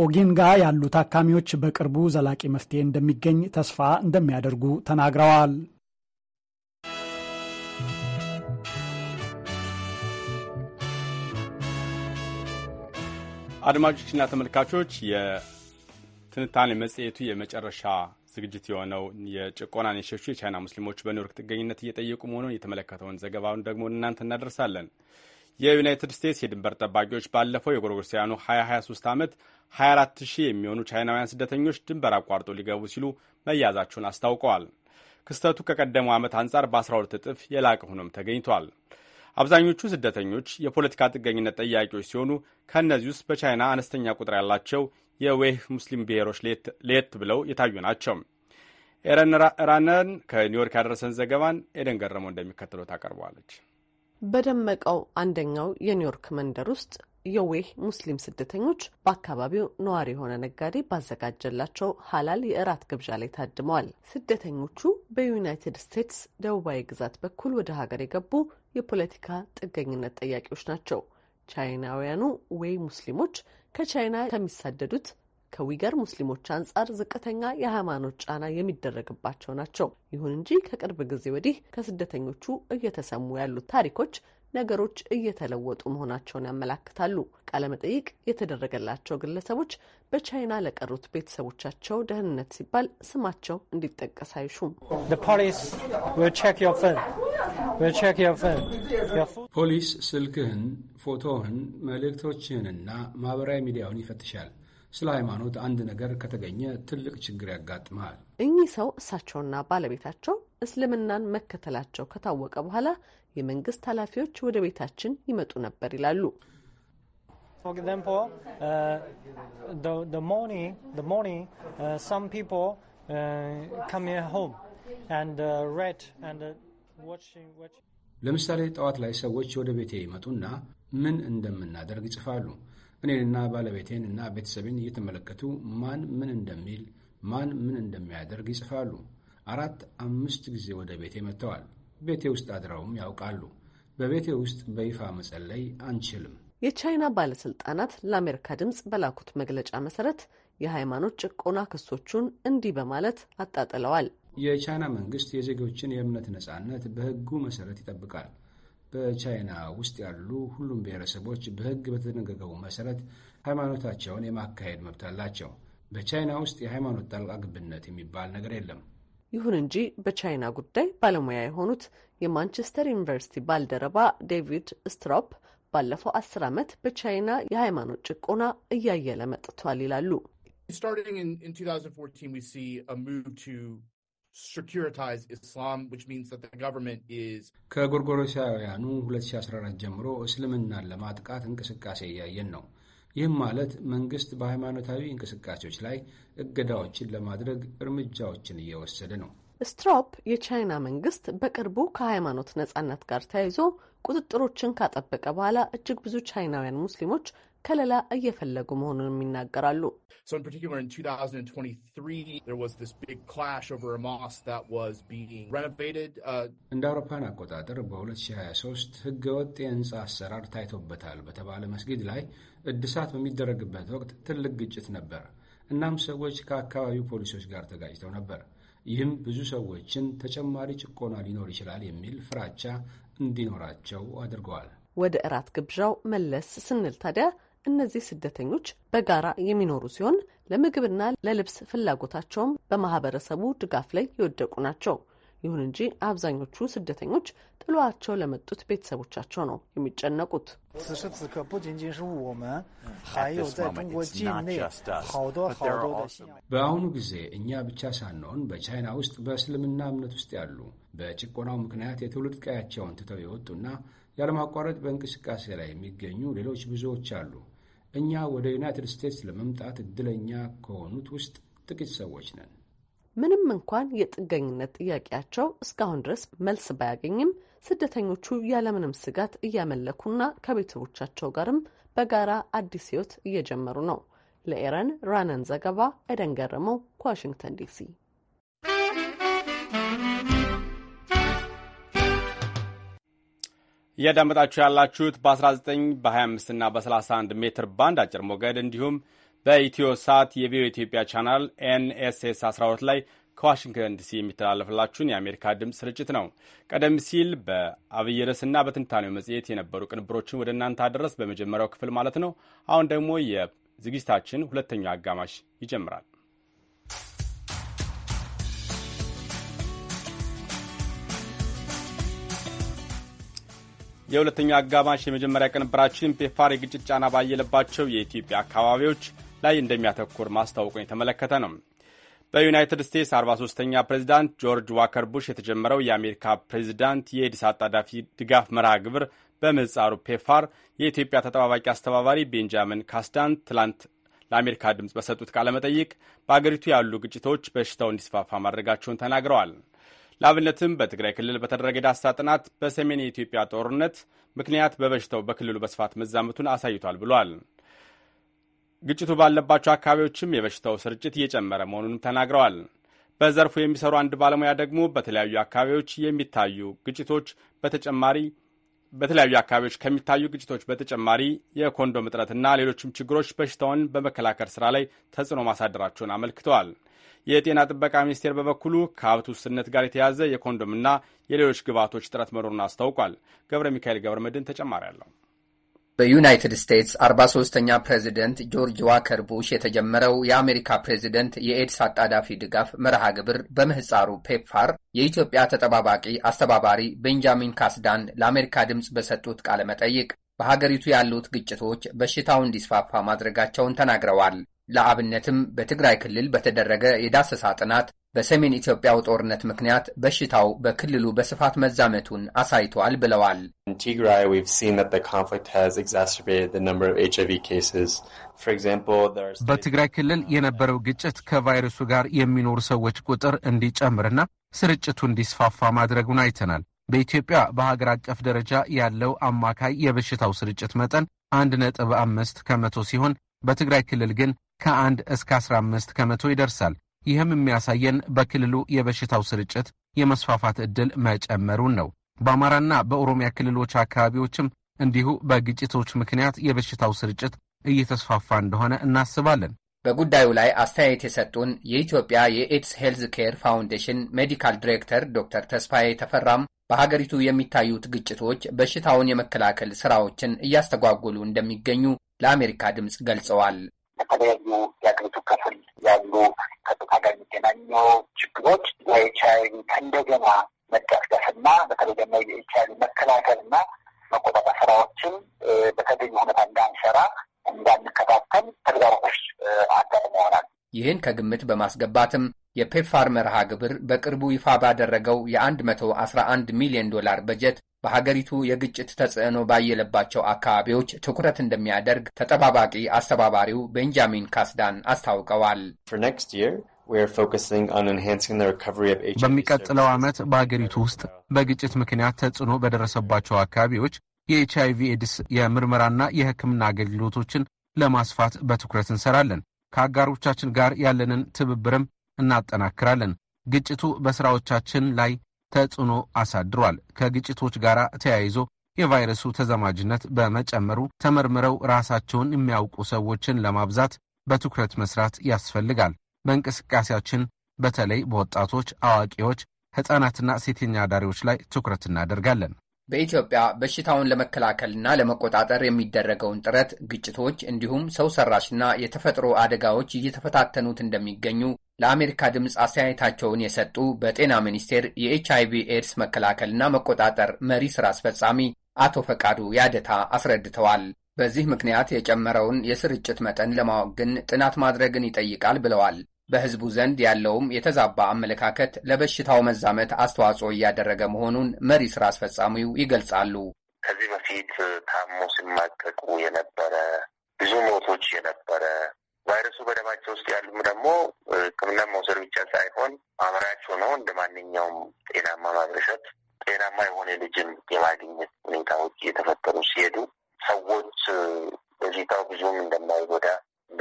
ኦጊንጋ ያሉ ታካሚዎች በቅርቡ ዘላቂ መፍትሄ እንደሚገኝ ተስፋ እንደሚያደርጉ ተናግረዋል። አድማጮችና ተመልካቾች የትንታኔ መጽሔቱ የመጨረሻ ዝግጅት የሆነው የጭቆናን የሸሹ የቻይና ሙስሊሞች በኒውዮርክ ጥገኝነት እየጠየቁ መሆኑን የተመለከተውን ዘገባውን ደግሞ እናንተ እናደርሳለን። የዩናይትድ ስቴትስ የድንበር ጠባቂዎች ባለፈው የጎርጎሮሳውያኑ 2023 ዓመት 24 ሺህ የሚሆኑ ቻይናውያን ስደተኞች ድንበር አቋርጦ ሊገቡ ሲሉ መያዛቸውን አስታውቀዋል። ክስተቱ ከቀደመው ዓመት አንጻር በ12 እጥፍ የላቀ ሆኖም ተገኝቷል። አብዛኞቹ ስደተኞች የፖለቲካ ጥገኝነት ጠያቂዎች ሲሆኑ ከእነዚህ ውስጥ በቻይና አነስተኛ ቁጥር ያላቸው የዌህ ሙስሊም ብሔሮች ለየት ብለው የታዩ ናቸው። ኤረን ከኒውዮርክ ያደረሰን ዘገባን ኤደን ገረመው እንደሚከተለው ታቀርበዋለች። በደመቀው አንደኛው የኒውዮርክ መንደር ውስጥ የዌህ ሙስሊም ስደተኞች በአካባቢው ነዋሪ የሆነ ነጋዴ ባዘጋጀላቸው ሀላል የእራት ግብዣ ላይ ታድመዋል። ስደተኞቹ በዩናይትድ ስቴትስ ደቡባዊ ግዛት በኩል ወደ ሀገር የገቡ የፖለቲካ ጥገኝነት ጠያቂዎች ናቸው። ቻይናውያኑ ወይ ሙስሊሞች ከቻይና ከሚሳደዱት ከዊገር ሙስሊሞች አንጻር ዝቅተኛ የሃይማኖት ጫና የሚደረግባቸው ናቸው። ይሁን እንጂ ከቅርብ ጊዜ ወዲህ ከስደተኞቹ እየተሰሙ ያሉት ታሪኮች ነገሮች እየተለወጡ መሆናቸውን ያመላክታሉ። ቃለመጠይቅ የተደረገላቸው ግለሰቦች በቻይና ለቀሩት ቤተሰቦቻቸው ደህንነት ሲባል ስማቸው እንዲጠቀስ አይሹም። ፖሊስ ስልክህን፣ ፎቶህን፣ መልእክቶችህንና ማህበራዊ ሚዲያውን ይፈትሻል። ስለ ሃይማኖት አንድ ነገር ከተገኘ ትልቅ ችግር ያጋጥመሃል። እኚህ ሰው እሳቸውና ባለቤታቸው እስልምናን መከተላቸው ከታወቀ በኋላ የመንግስት ኃላፊዎች ወደ ቤታችን ይመጡ ነበር ይላሉ። ለምሳሌ ጠዋት ላይ ሰዎች ወደ ቤቴ ይመጡና ምን እንደምናደርግ ይጽፋሉ። እኔንና ባለቤቴን እና ቤተሰቤን እየተመለከቱ ማን ምን እንደሚል፣ ማን ምን እንደሚያደርግ ይጽፋሉ። አራት አምስት ጊዜ ወደ ቤቴ መጥተዋል። ቤቴ ውስጥ አድረውም ያውቃሉ። በቤቴ ውስጥ በይፋ መጸለይ አንችልም። የቻይና ባለስልጣናት ለአሜሪካ ድምፅ በላኩት መግለጫ መሰረት የሃይማኖት ጭቆና ክሶቹን እንዲህ በማለት አጣጥለዋል። የቻይና መንግስት የዜጎችን የእምነት ነጻነት በህጉ መሰረት ይጠብቃል። በቻይና ውስጥ ያሉ ሁሉም ብሔረሰቦች በህግ በተደነገገው መሰረት ሃይማኖታቸውን የማካሄድ መብት አላቸው። በቻይና ውስጥ የሃይማኖት ጣልቃ ግብነት የሚባል ነገር የለም። ይሁን እንጂ በቻይና ጉዳይ ባለሙያ የሆኑት የማንቸስተር ዩኒቨርሲቲ ባልደረባ ዴቪድ ስትሮፕ ባለፈው አስር ዓመት በቻይና የሃይማኖት ጭቆና እያየለ መጥቷል ይላሉ። ከጎርጎሮሳውያኑ 2014 ጀምሮ እስልምናን ለማጥቃት እንቅስቃሴ እያየን ነው። ይህም ማለት መንግስት በሃይማኖታዊ እንቅስቃሴዎች ላይ እገዳዎችን ለማድረግ እርምጃዎችን እየወሰደ ነው። ስትሮፕ የቻይና መንግስት በቅርቡ ከሃይማኖት ነጻነት ጋር ተያይዞ ቁጥጥሮችን ካጠበቀ በኋላ እጅግ ብዙ ቻይናውያን ሙስሊሞች ከለላ እየፈለጉ መሆኑንም ይናገራሉ። uh, እንደ አውሮፓን አቆጣጠር በ2023 ህገወጥ የህንፃ አሰራር ታይቶበታል በተባለ መስጊድ ላይ እድሳት በሚደረግበት ወቅት ትልቅ ግጭት ነበር። እናም ሰዎች ከአካባቢው ፖሊሶች ጋር ተጋጭተው ነበር። ይህም ብዙ ሰዎችን ተጨማሪ ጭቆና ሊኖር ይችላል የሚል ፍራቻ እንዲኖራቸው አድርገዋል። ወደ እራት ግብዣው መለስ ስንል ታዲያ እነዚህ ስደተኞች በጋራ የሚኖሩ ሲሆን ለምግብና ለልብስ ፍላጎታቸውም በማህበረሰቡ ድጋፍ ላይ የወደቁ ናቸው። ይሁን እንጂ አብዛኞቹ ስደተኞች ጥሏቸው ለመጡት ቤተሰቦቻቸው ነው የሚጨነቁት። በአሁኑ ጊዜ እኛ ብቻ ሳንሆን በቻይና ውስጥ በእስልምና እምነት ውስጥ ያሉ በጭቆናው ምክንያት የትውልድ ቀያቸውን ትተው የወጡና ያለማቋረጥ በእንቅስቃሴ ላይ የሚገኙ ሌሎች ብዙዎች አሉ። እኛ ወደ ዩናይትድ ስቴትስ ለመምጣት እድለኛ ከሆኑት ውስጥ ጥቂት ሰዎች ነን። ምንም እንኳን የጥገኝነት ጥያቄያቸው እስካሁን ድረስ መልስ ባያገኝም ስደተኞቹ ያለምንም ስጋት እያመለኩና ከቤተሰቦቻቸው ጋርም በጋራ አዲስ ሕይወት እየጀመሩ ነው። ለኤረን ራነን ዘገባ ኤደን ገረመው ከዋሽንግተን ዲሲ እያዳመጣችሁ ያላችሁት በ19 በ25 እና በ31 ሜትር ባንድ አጭር ሞገድ እንዲሁም በኢትዮ ሳት የቪኦ ኢትዮጵያ ቻናል ኤንኤስኤስ 12 ላይ ከዋሽንግተን ዲሲ የሚተላለፍላችሁን የአሜሪካ ድምፅ ስርጭት ነው። ቀደም ሲል በአብይ ርዕስና በትንታኔው መጽሔት የነበሩ ቅንብሮችን ወደ እናንተ ድረስ በመጀመሪያው ክፍል ማለት ነው። አሁን ደግሞ የዝግጅታችን ሁለተኛው አጋማሽ ይጀምራል። የሁለተኛው አጋማሽ የመጀመሪያ ቅንብራችን ፔፋር የግጭት ጫና ባየለባቸው የኢትዮጵያ አካባቢዎች ላይ እንደሚያተኩር ማስታወቁን የተመለከተ ነው። በዩናይትድ ስቴትስ 43ኛ ፕሬዚዳንት ጆርጅ ዋከር ቡሽ የተጀመረው የአሜሪካ ፕሬዚዳንት የኤዲስ አጣዳፊ ድጋፍ መርሃ ግብር በምህጻሩ ፔፋር የኢትዮጵያ ተጠባባቂ አስተባባሪ ቤንጃሚን ካስዳን ትላንት ለአሜሪካ ድምፅ በሰጡት ቃለመጠይቅ በአገሪቱ ያሉ ግጭቶች በሽታው እንዲስፋፋ ማድረጋቸውን ተናግረዋል። ለአብነትም በትግራይ ክልል በተደረገ ዳሰሳ ጥናት በሰሜን የኢትዮጵያ ጦርነት ምክንያት በበሽታው በክልሉ በስፋት መዛመቱን አሳይቷል ብሏል። ግጭቱ ባለባቸው አካባቢዎችም የበሽታው ስርጭት እየጨመረ መሆኑንም ተናግረዋል። በዘርፉ የሚሰሩ አንድ ባለሙያ ደግሞ በተለያዩ አካባቢዎች የሚታዩ ግጭቶች በተጨማሪ በተለያዩ አካባቢዎች ከሚታዩ ግጭቶች በተጨማሪ የኮንዶም እጥረትና ሌሎችም ችግሮች በሽታውን በመከላከል ስራ ላይ ተጽዕኖ ማሳደራቸውን አመልክተዋል። የጤና ጥበቃ ሚኒስቴር በበኩሉ ከሀብት ውስንነት ጋር የተያዘ የኮንዶምና የሌሎች ግብዓቶች እጥረት መኖሩን አስታውቋል። ገብረ ሚካኤል ገብረ መድን ተጨማሪ አለው። በዩናይትድ ስቴትስ 43ኛ ፕሬዚደንት ጆርጅ ዋከር ቡሽ የተጀመረው የአሜሪካ ፕሬዚደንት የኤድስ አጣዳፊ ድጋፍ መርሃ ግብር በምህፃሩ ፔፕፋር የኢትዮጵያ ተጠባባቂ አስተባባሪ ቤንጃሚን ካስዳን ለአሜሪካ ድምፅ በሰጡት ቃለ መጠይቅ በሀገሪቱ ያሉት ግጭቶች በሽታው እንዲስፋፋ ማድረጋቸውን ተናግረዋል። ለአብነትም በትግራይ ክልል በተደረገ የዳሰሳ ጥናት በሰሜን ኢትዮጵያው ጦርነት ምክንያት በሽታው በክልሉ በስፋት መዛመቱን አሳይቷል ብለዋል። በትግራይ ክልል የነበረው ግጭት ከቫይረሱ ጋር የሚኖሩ ሰዎች ቁጥር እንዲጨምርና ስርጭቱ እንዲስፋፋ ማድረጉን አይተናል። በኢትዮጵያ በሀገር አቀፍ ደረጃ ያለው አማካይ የበሽታው ስርጭት መጠን አንድ ነጥብ አምስት ከመቶ ሲሆን በትግራይ ክልል ግን ከአንድ እስከ 15 ከመቶ ይደርሳል። ይህም የሚያሳየን በክልሉ የበሽታው ስርጭት የመስፋፋት ዕድል መጨመሩን ነው። በአማራና በኦሮሚያ ክልሎች አካባቢዎችም እንዲሁ በግጭቶች ምክንያት የበሽታው ስርጭት እየተስፋፋ እንደሆነ እናስባለን። በጉዳዩ ላይ አስተያየት የሰጡን የኢትዮጵያ የኤድስ ሄልዝ ኬር ፋውንዴሽን ሜዲካል ዲሬክተር ዶክተር ተስፋዬ ተፈራም በሀገሪቱ የሚታዩት ግጭቶች በሽታውን የመከላከል ስራዎችን እያስተጓጎሉ እንደሚገኙ ለአሜሪካ ድምፅ ገልጸዋል። ከተለያዩ የአገሪቱ ክፍል ያሉ ከጾታ ጋር የሚገናኙ ችግሮች የኤች አይ ቪ ከእንደገና በተለይ ደግሞ የኤች አይ ቪ መከላከልና መቆጣጠር ስራዎችን በተገኘ ሁኔታ እንዳንሰራ እንዳንከታተል ተግዳሮቶች አጋጥመውናል። ይህን ከግምት በማስገባትም የፔፕፋር መርሃ ግብር በቅርቡ ይፋ ባደረገው የ111 ሚሊዮን ዶላር በጀት በሀገሪቱ የግጭት ተጽዕኖ ባየለባቸው አካባቢዎች ትኩረት እንደሚያደርግ ተጠባባቂ አስተባባሪው ቤንጃሚን ካስዳን አስታውቀዋል። በሚቀጥለው ዓመት በሀገሪቱ ውስጥ በግጭት ምክንያት ተጽዕኖ በደረሰባቸው አካባቢዎች የኤች አይቪ ኤድስ የምርመራና የሕክምና አገልግሎቶችን ለማስፋት በትኩረት እንሰራለን። ከአጋሮቻችን ጋር ያለንን ትብብርም እናጠናክራለን። ግጭቱ በሥራዎቻችን ላይ ተጽዕኖ አሳድሯል። ከግጭቶች ጋር ተያይዞ የቫይረሱ ተዘማጅነት በመጨመሩ ተመርምረው ራሳቸውን የሚያውቁ ሰዎችን ለማብዛት በትኩረት መስራት ያስፈልጋል። በእንቅስቃሴያችን በተለይ በወጣቶች፣ አዋቂዎች፣ ሕፃናትና ሴተኛ አዳሪዎች ላይ ትኩረት እናደርጋለን። በኢትዮጵያ በሽታውን ለመከላከልና ለመቆጣጠር የሚደረገውን ጥረት ግጭቶች፣ እንዲሁም ሰው ሰራሽና የተፈጥሮ አደጋዎች እየተፈታተኑት እንደሚገኙ ለአሜሪካ ድምፅ አስተያየታቸውን የሰጡ በጤና ሚኒስቴር የኤች አይቪ ኤድስ መከላከልና መቆጣጠር መሪ ስራ አስፈጻሚ አቶ ፈቃዱ ያደታ አስረድተዋል። በዚህ ምክንያት የጨመረውን የስርጭት መጠን ለማወቅ ግን ጥናት ማድረግን ይጠይቃል ብለዋል። በህዝቡ ዘንድ ያለውም የተዛባ አመለካከት ለበሽታው መዛመት አስተዋጽኦ እያደረገ መሆኑን መሪ ስራ አስፈጻሚው ይገልጻሉ። ከዚህ በፊት ታሞ ሲማቀቁ የነበረ ብዙ ሞቶች የነበረ ቫይረሱ በደማቸው ውስጥ ያሉም ደግሞ ሕክምና መውሰድ ብቻ ሳይሆን አምራች ነው እንደ ማንኛውም ጤናማ ማብረሸት ጤናማ የሆነ ልጅን የማግኘት ሁኔታዎች እየተፈጠሩ ሲሄዱ ሰዎች በሽታው ብዙም እንደማይጎዳ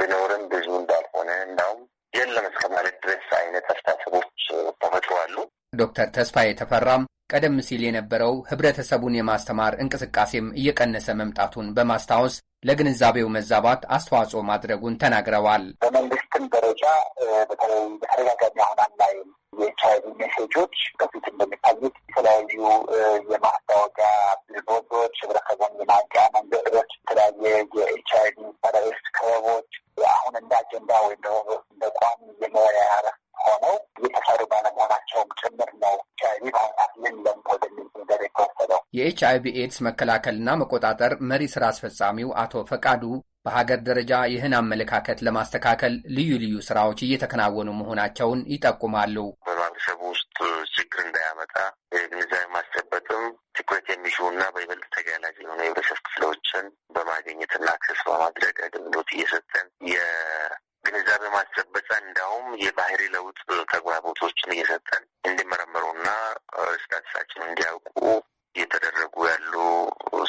ቢኖርም ብዙ እንዳልሆነ እንዳውም የለም እስከ ማለት ድረስ አይነት አስተሳሰቦች አሉ። ዶክተር ተስፋ የተፈራም ቀደም ሲል የነበረው ህብረተሰቡን የማስተማር እንቅስቃሴም እየቀነሰ መምጣቱን በማስታወስ ለግንዛቤው መዛባት አስተዋጽኦ ማድረጉን ተናግረዋል። በመንግስትም ደረጃ በተለይ በተደጋጋሚ አሁን አናይም የኤች አይቪ ሜሴጆች በፊት እንደሚታዩት የተለያዩ የማስታወቂያ ቢልቦርዶች፣ ህብረተሰቡን የማንቂያ መንገዶች፣ የተለያየ የኤች አይቪ ተረሪስት ክበቦች አሁን እንደ አጀንዳ ወይም ደግሞ እንደ ቋሚ የመወያያ ሆነው የተሰሩ ባለመሆናቸውም ጭምር ነው ከቢ ማውጣት የለም ወደሚል የተወሰደው። የኤች አይቪ ኤድስ መከላከልና መቆጣጠር መሪ ስራ አስፈጻሚው አቶ ፈቃዱ በሀገር ደረጃ ይህን አመለካከት ለማስተካከል ልዩ ልዩ ስራዎች እየተከናወኑ መሆናቸውን ይጠቁማሉ። በማህበረሰቡ ውስጥ ችግር እንዳያመጣ ግንዛቤ ማስጨበጥም ትኩረት የሚሹ እና በይበልጥ ተጋላጭ የሆኑ የህብረተሰብ ክፍሎችን በማግኘትና አክሰስ በማድረግ አገልግሎት እየሰጠን በማስጨበጫ እንዲያውም የባህሪ ለውጥ ተግባቦቶችን እየሰጠን እንዲመረምሩና ስታትሳችን እንዲያውቁ እየተደረጉ ያሉ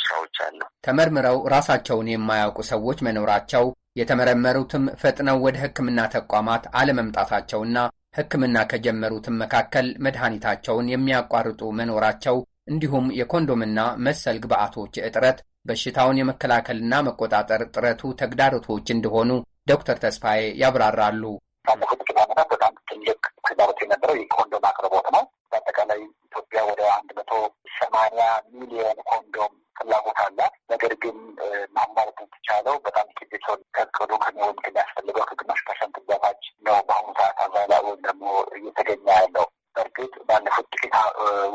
ስራዎች አሉ። ተመርምረው ራሳቸውን የማያውቁ ሰዎች መኖራቸው የተመረመሩትም ፈጥነው ወደ ሕክምና ተቋማት አለመምጣታቸውና ሕክምና ከጀመሩትም መካከል መድኃኒታቸውን የሚያቋርጡ መኖራቸው እንዲሁም የኮንዶምና መሰል ግብዓቶች እጥረት በሽታውን የመከላከልና መቆጣጠር ጥረቱ ተግዳሮቶች እንደሆኑ ዶክተር ተስፋዬ ያብራራሉ። ባለፉት ዓመታት በጣም ትልቅ ክዳሮት የነበረው የኮንዶም አቅርቦት ነው። በአጠቃላይ ኢትዮጵያ ወደ አንድ መቶ ሰማንያ ሚሊዮን ኮንዶም ፍላጎት አላት። ነገር ግን ማሟላት የተቻለው በጣም ጥቂቶን ከቅዱ ከሚሆን ከግማሽ ፐርሰንት በታች ነው። በአሁኑ ሰዓት አዛላ ወይም ደግሞ እየተገኘ ያለው በእርግጥ ባለፉት ጥቂት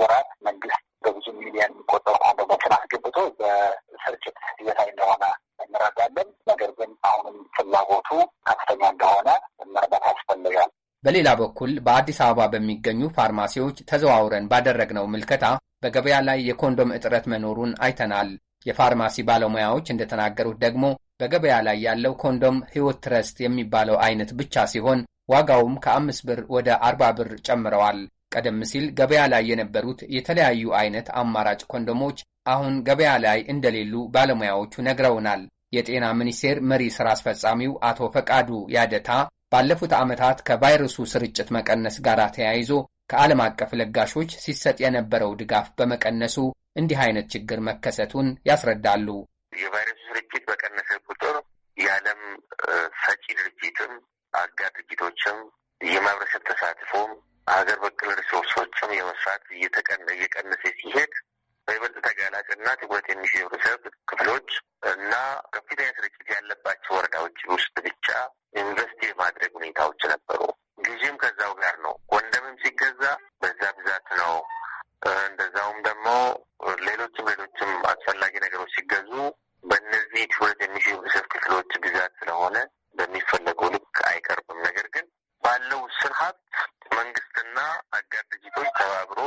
ወራት መንግስት በብዙ ሚሊዮን የሚቆጠሩ ኮንዶሞችን አስገብቶ በስርጭት እየታይ እንደሆነ እንረዳለን። ነገር ግን አሁንም ፍላጎቱ ከፍተኛ እንደሆነ መረዳት ያስፈልጋል። በሌላ በኩል በአዲስ አበባ በሚገኙ ፋርማሲዎች ተዘዋውረን ባደረግነው ምልከታ በገበያ ላይ የኮንዶም እጥረት መኖሩን አይተናል። የፋርማሲ ባለሙያዎች እንደተናገሩት ደግሞ በገበያ ላይ ያለው ኮንዶም ሕይወት ትረስት የሚባለው አይነት ብቻ ሲሆን ዋጋውም ከአምስት ብር ወደ አርባ ብር ጨምረዋል። ቀደም ሲል ገበያ ላይ የነበሩት የተለያዩ አይነት አማራጭ ኮንዶሞች አሁን ገበያ ላይ እንደሌሉ ባለሙያዎቹ ነግረውናል። የጤና ሚኒስቴር መሪ ሥራ አስፈጻሚው አቶ ፈቃዱ ያደታ ባለፉት ዓመታት ከቫይረሱ ስርጭት መቀነስ ጋር ተያይዞ ከዓለም አቀፍ ለጋሾች ሲሰጥ የነበረው ድጋፍ በመቀነሱ እንዲህ አይነት ችግር መከሰቱን ያስረዳሉ። የቫይረሱ ስርጭት በቀነሰ ቁጥር የዓለም ሰጪ ድርጅትም አጋር ድርጅቶችም የማህበረሰብ ተሳትፎም ሀገር በክል ሪሶርሶችም የመስራት እየቀነሰ ሲሄድ በይበልጥ ተጋላጭና ትኩረት የሚሹ የህብረተሰብ ክፍሎች እና ከፍተኛ ስርጭት ያለባቸው ወረዳዎች ውስጥ ብቻ ኢንቨስት የማድረግ ሁኔታዎች ነበሩ። ጊዜም ከዛው ጋር ነው። ወንደምም ሲገዛ በዛ ብዛት ነው። እንደዛውም ደግሞ ሌሎችም ሌሎችም አስፈላጊ ነገሮች ሲገዙ በእነዚህ ትኩረት የሚሹ የህብረተሰብ ክፍሎች ብዛት ስለሆነ በሚፈለገው ልክ አይቀርብም። ነገር ግን ባለው ስርዓት መንግስትና አጋር ድርጅቶች ተባብሮ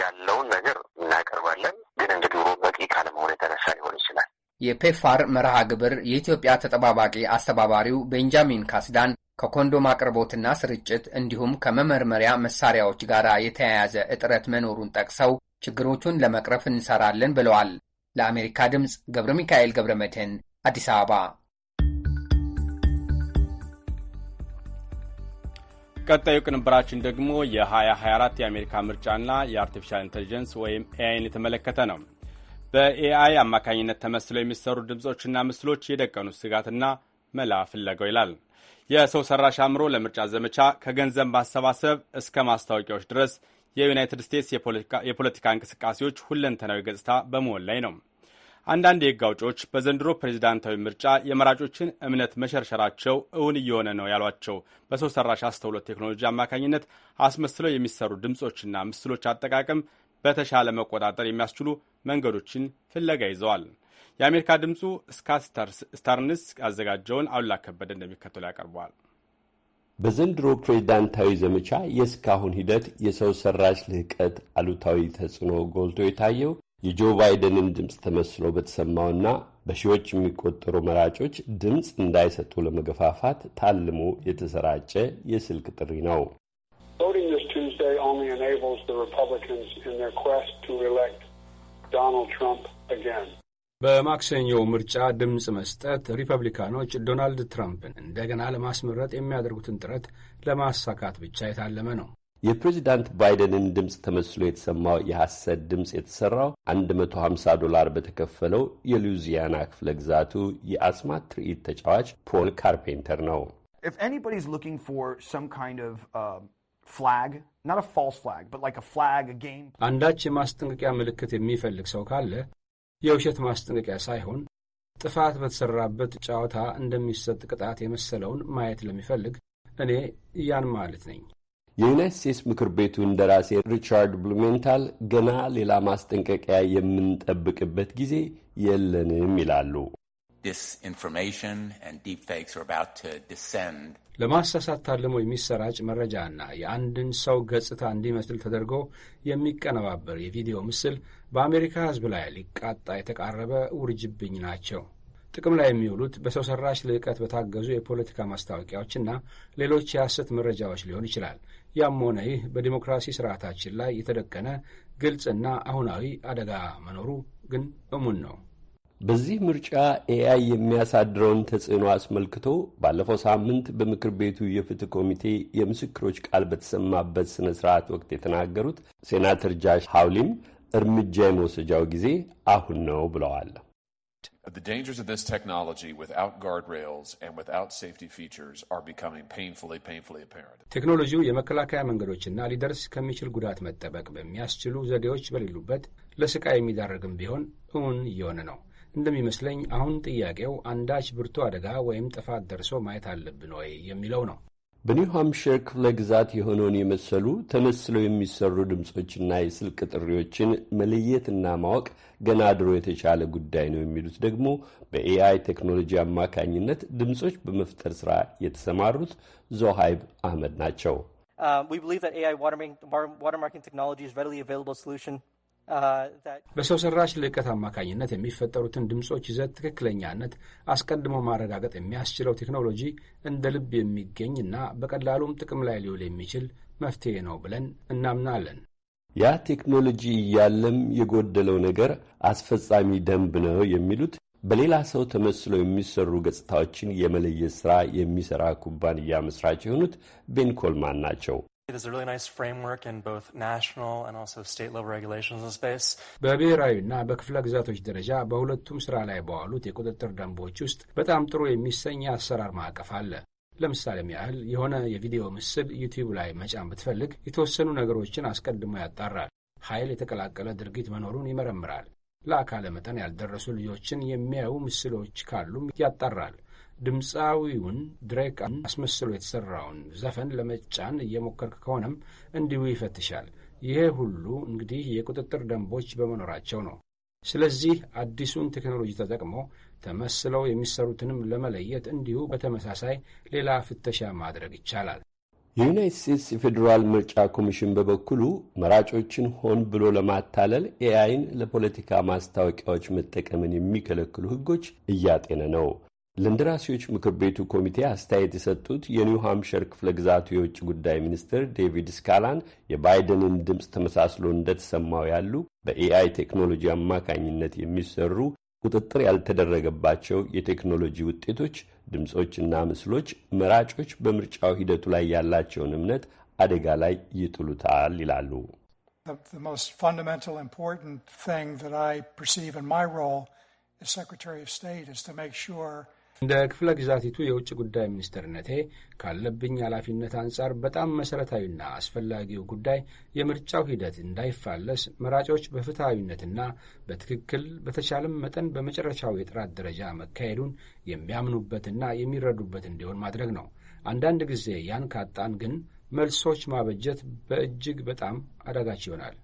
ያለውን ነገር እናቀርባለን። ግን እንደ ድሮ በቂ ካለመሆን የተነሳ ሊሆን ይችላል። የፔፋር መርሃ ግብር የኢትዮጵያ ተጠባባቂ አስተባባሪው ቤንጃሚን ካስዳን ከኮንዶም አቅርቦትና ስርጭት እንዲሁም ከመመርመሪያ መሳሪያዎች ጋር የተያያዘ እጥረት መኖሩን ጠቅሰው ችግሮቹን ለመቅረፍ እንሰራለን ብለዋል። ለአሜሪካ ድምፅ ገብረ ሚካኤል ገብረ መድህን አዲስ አበባ ቀጣዩ ቅንብራችን ደግሞ የ2024 የአሜሪካ ምርጫና የአርቲፊሻል ኢንቴሊጀንስ ወይም ኤአይን የተመለከተ ነው። በኤአይ አማካኝነት ተመስለው የሚሰሩ ድምፆችና ምስሎች የደቀኑ ስጋትና መላ ፍለገው ይላል። የሰው ሰራሽ አእምሮ ለምርጫ ዘመቻ ከገንዘብ ማሰባሰብ እስከ ማስታወቂያዎች ድረስ የዩናይትድ ስቴትስ የፖለቲካ እንቅስቃሴዎች ሁለንተናዊ ገጽታ በመሆን ላይ ነው። አንዳንድ የህግ አውጪዎች በዘንድሮ ፕሬዚዳንታዊ ምርጫ የመራጮችን እምነት መሸርሸራቸው እውን እየሆነ ነው ያሏቸው በሰው ሰራሽ አስተውሎት ቴክኖሎጂ አማካኝነት አስመስለው የሚሰሩ ድምፆችና ምስሎች አጠቃቀም በተሻለ መቆጣጠር የሚያስችሉ መንገዶችን ፍለጋ ይዘዋል። የአሜሪካ ድምፁ ስካት ስታርንስ ያዘጋጀውን አሉላ ከበደ እንደሚከተሉ ያቀርበዋል። በዘንድሮ ፕሬዚዳንታዊ ዘመቻ የእስካሁን ሂደት የሰው ሰራሽ ልህቀት አሉታዊ ተጽዕኖ ጎልቶ የታየው የጆ ባይደንን ድምፅ ተመስሎ በተሰማውና በሺዎች የሚቆጠሩ መራጮች ድምፅ እንዳይሰጡ ለመገፋፋት ታልሞ የተሰራጨ የስልክ ጥሪ ነው። በማክሰኞው ምርጫ ድምፅ መስጠት ሪፐብሊካኖች ዶናልድ ትራምፕን እንደገና ለማስመረጥ የሚያደርጉትን ጥረት ለማሳካት ብቻ የታለመ ነው። የፕሬዚዳንት ባይደንን ድምፅ ተመስሎ የተሰማው የሐሰት ድምፅ የተሠራው 150 ዶላር በተከፈለው የሉዚያና ክፍለ ግዛቱ የአስማት ትርኢት ተጫዋች ፖል ካርፔንተር ነው። አንዳች የማስጠንቀቂያ ምልክት የሚፈልግ ሰው ካለ የውሸት ማስጠንቀቂያ ሳይሆን ጥፋት በተሠራበት ጨዋታ እንደሚሰጥ ቅጣት የመሰለውን ማየት ለሚፈልግ እኔ ያን ማለት ነኝ። የዩናይት ስቴትስ ምክር ቤቱ እንደራሴ ሪቻርድ ብሉሜንታል ገና ሌላ ማስጠንቀቂያ የምንጠብቅበት ጊዜ የለንም ይላሉ። ለማሳሳት ታልሞ የሚሰራጭ መረጃና የአንድን ሰው ገጽታ እንዲመስል ተደርጎ የሚቀነባበር የቪዲዮ ምስል በአሜሪካ ሕዝብ ላይ ሊቃጣ የተቃረበ ውርጅብኝ ናቸው። ጥቅም ላይ የሚውሉት በሰው ሰራሽ ልዕቀት በታገዙ የፖለቲካ ማስታወቂያዎችና ሌሎች የሐሰት መረጃዎች ሊሆን ይችላል። ያም ሆነ ይህ በዲሞክራሲ ስርዓታችን ላይ የተደቀነ ግልጽና አሁናዊ አደጋ መኖሩ ግን እሙን ነው። በዚህ ምርጫ ኤአይ የሚያሳድረውን ተጽዕኖ አስመልክቶ ባለፈው ሳምንት በምክር ቤቱ የፍትህ ኮሚቴ የምስክሮች ቃል በተሰማበት ስነ ስርዓት ወቅት የተናገሩት ሴናተር ጃሽ ሀውሊም እርምጃ የመውሰጃው ጊዜ አሁን ነው ብለዋል። But the dangers of this technology without guardrails and without safety features are becoming painfully, painfully apparent. ቴክኖሎጂው የመከላከያ መንገዶችና ሊደርስ ከሚችል ጉዳት መጠበቅ በሚያስችሉ ዘዴዎች በሌሉበት ለስቃይ የሚዳረግም ቢሆን እውን እየሆነ ነው። እንደሚመስለኝ አሁን ጥያቄው አንዳች ብርቱ አደጋ ወይም ጥፋት ደርሶ ማየት አለብን ወይ የሚለው ነው። በኒው ሃምፕሽር ክፍለ ግዛት የሆነውን የመሰሉ ተመስለው የሚሰሩ ድምፆችና የስልክ ጥሪዎችን መለየትና ማወቅ ገና ድሮ የተቻለ ጉዳይ ነው የሚሉት ደግሞ በኤአይ ቴክኖሎጂ አማካኝነት ድምፆች በመፍጠር ስራ የተሰማሩት ዞሃይብ አህመድ ናቸው። uh, Uh, በሰው ሰራሽ ልዕቀት አማካኝነት የሚፈጠሩትን ድምፆች ይዘት ትክክለኛነት አስቀድሞ ማረጋገጥ የሚያስችለው ቴክኖሎጂ እንደ ልብ የሚገኝ እና በቀላሉም ጥቅም ላይ ሊውል የሚችል መፍትሄ ነው ብለን እናምናለን። ያ ቴክኖሎጂ እያለም የጎደለው ነገር አስፈጻሚ ደንብ ነው የሚሉት በሌላ ሰው ተመስለው የሚሰሩ ገጽታዎችን የመለየት ሥራ የሚሠራ ኩባንያ መሥራች የሆኑት ቤን ኮልማን ናቸው። በብሔራዊና በክፍለ ግዛቶች ደረጃ በሁለቱም ስራ ላይ በዋሉት የቁጥጥር ደንቦች ውስጥ በጣም ጥሩ የሚሰኝ አሰራር ማዕቀፍ አለ። ለምሳሌም ያህል የሆነ የቪዲዮ ምስል ዩቲዩብ ላይ መጫን ብትፈልግ የተወሰኑ ነገሮችን አስቀድሞ ያጣራል። ኃይል የተቀላቀለ ድርጊት መኖሩን ይመረምራል። ለአካለ መጠን ያልደረሱ ልጆችን የሚያዩ ምስሎች ካሉም ያጣራል። ድምፃዊውን ድሬክን አስመስሎ የተሠራውን ዘፈን ለመጫን እየሞከርክ ከሆነም እንዲሁ ይፈትሻል። ይሄ ሁሉ እንግዲህ የቁጥጥር ደንቦች በመኖራቸው ነው። ስለዚህ አዲሱን ቴክኖሎጂ ተጠቅሞ ተመስለው የሚሰሩትንም ለመለየት እንዲሁ በተመሳሳይ ሌላ ፍተሻ ማድረግ ይቻላል። የዩናይት ስቴትስ የፌዴራል ምርጫ ኮሚሽን በበኩሉ መራጮችን ሆን ብሎ ለማታለል ኤአይን ለፖለቲካ ማስታወቂያዎች መጠቀምን የሚከለክሉ ሕጎች እያጤነ ነው። ለእንደራሴዎች ምክር ቤቱ ኮሚቴ አስተያየት የሰጡት የኒው ሃምሸር ክፍለ ግዛቱ የውጭ ጉዳይ ሚኒስትር ዴቪድ ስካላን የባይደንን ድምፅ ተመሳስሎ እንደተሰማው ያሉ በኤአይ ቴክኖሎጂ አማካኝነት የሚሰሩ ቁጥጥር ያልተደረገባቸው የቴክኖሎጂ ውጤቶች፣ ድምፆችና ምስሎች መራጮች በምርጫው ሂደቱ ላይ ያላቸውን እምነት አደጋ ላይ ይጥሉታል ይላሉ። The እንደ ክፍለ ግዛቲቱ የውጭ ጉዳይ ሚኒስትርነቴ ካለብኝ ኃላፊነት አንጻር በጣም መሠረታዊና አስፈላጊው ጉዳይ የምርጫው ሂደት እንዳይፋለስ መራጮች በፍትሐዊነትና በትክክል በተቻለም መጠን በመጨረሻው የጥራት ደረጃ መካሄዱን የሚያምኑበትና የሚረዱበት እንዲሆን ማድረግ ነው። አንዳንድ ጊዜ ያን ካጣን ግን መልሶች ማበጀት በእጅግ በጣም አዳጋች ይሆናል።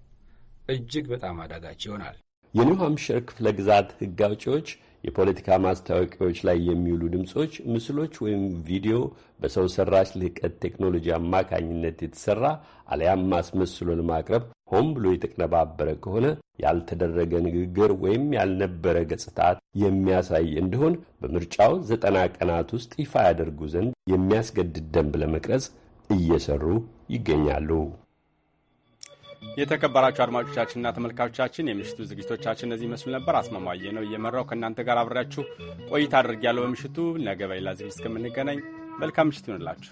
እጅግ በጣም አዳጋች ይሆናል። የኒው ሃምፕሽር ክፍለ ግዛት ሕግ አውጪዎች የፖለቲካ ማስታወቂያዎች ላይ የሚውሉ ድምፆች፣ ምስሎች ወይም ቪዲዮ በሰው ሰራሽ ልህቀት ቴክኖሎጂ አማካኝነት የተሰራ አሊያም ማስመስሎ ለማቅረብ ሆን ብሎ የተቀነባበረ ከሆነ ያልተደረገ ንግግር ወይም ያልነበረ ገጽታ የሚያሳይ እንደሆን በምርጫው ዘጠና ቀናት ውስጥ ይፋ ያደርጉ ዘንድ የሚያስገድድ ደንብ ለመቅረጽ እየሰሩ ይገኛሉ። የተከበራችሁ አድማጮቻችንና ተመልካቾቻችን የምሽቱ ዝግጅቶቻችን እነዚህ ይመስሉ ነበር። አስማማየ ነው እየመራው ከእናንተ ጋር አብሬያችሁ ቆይታ ያለው በምሽቱ ነገ በሌላ ዝግጅት እስከምንገናኝ መልካም ምሽት ይሆንላችሁ።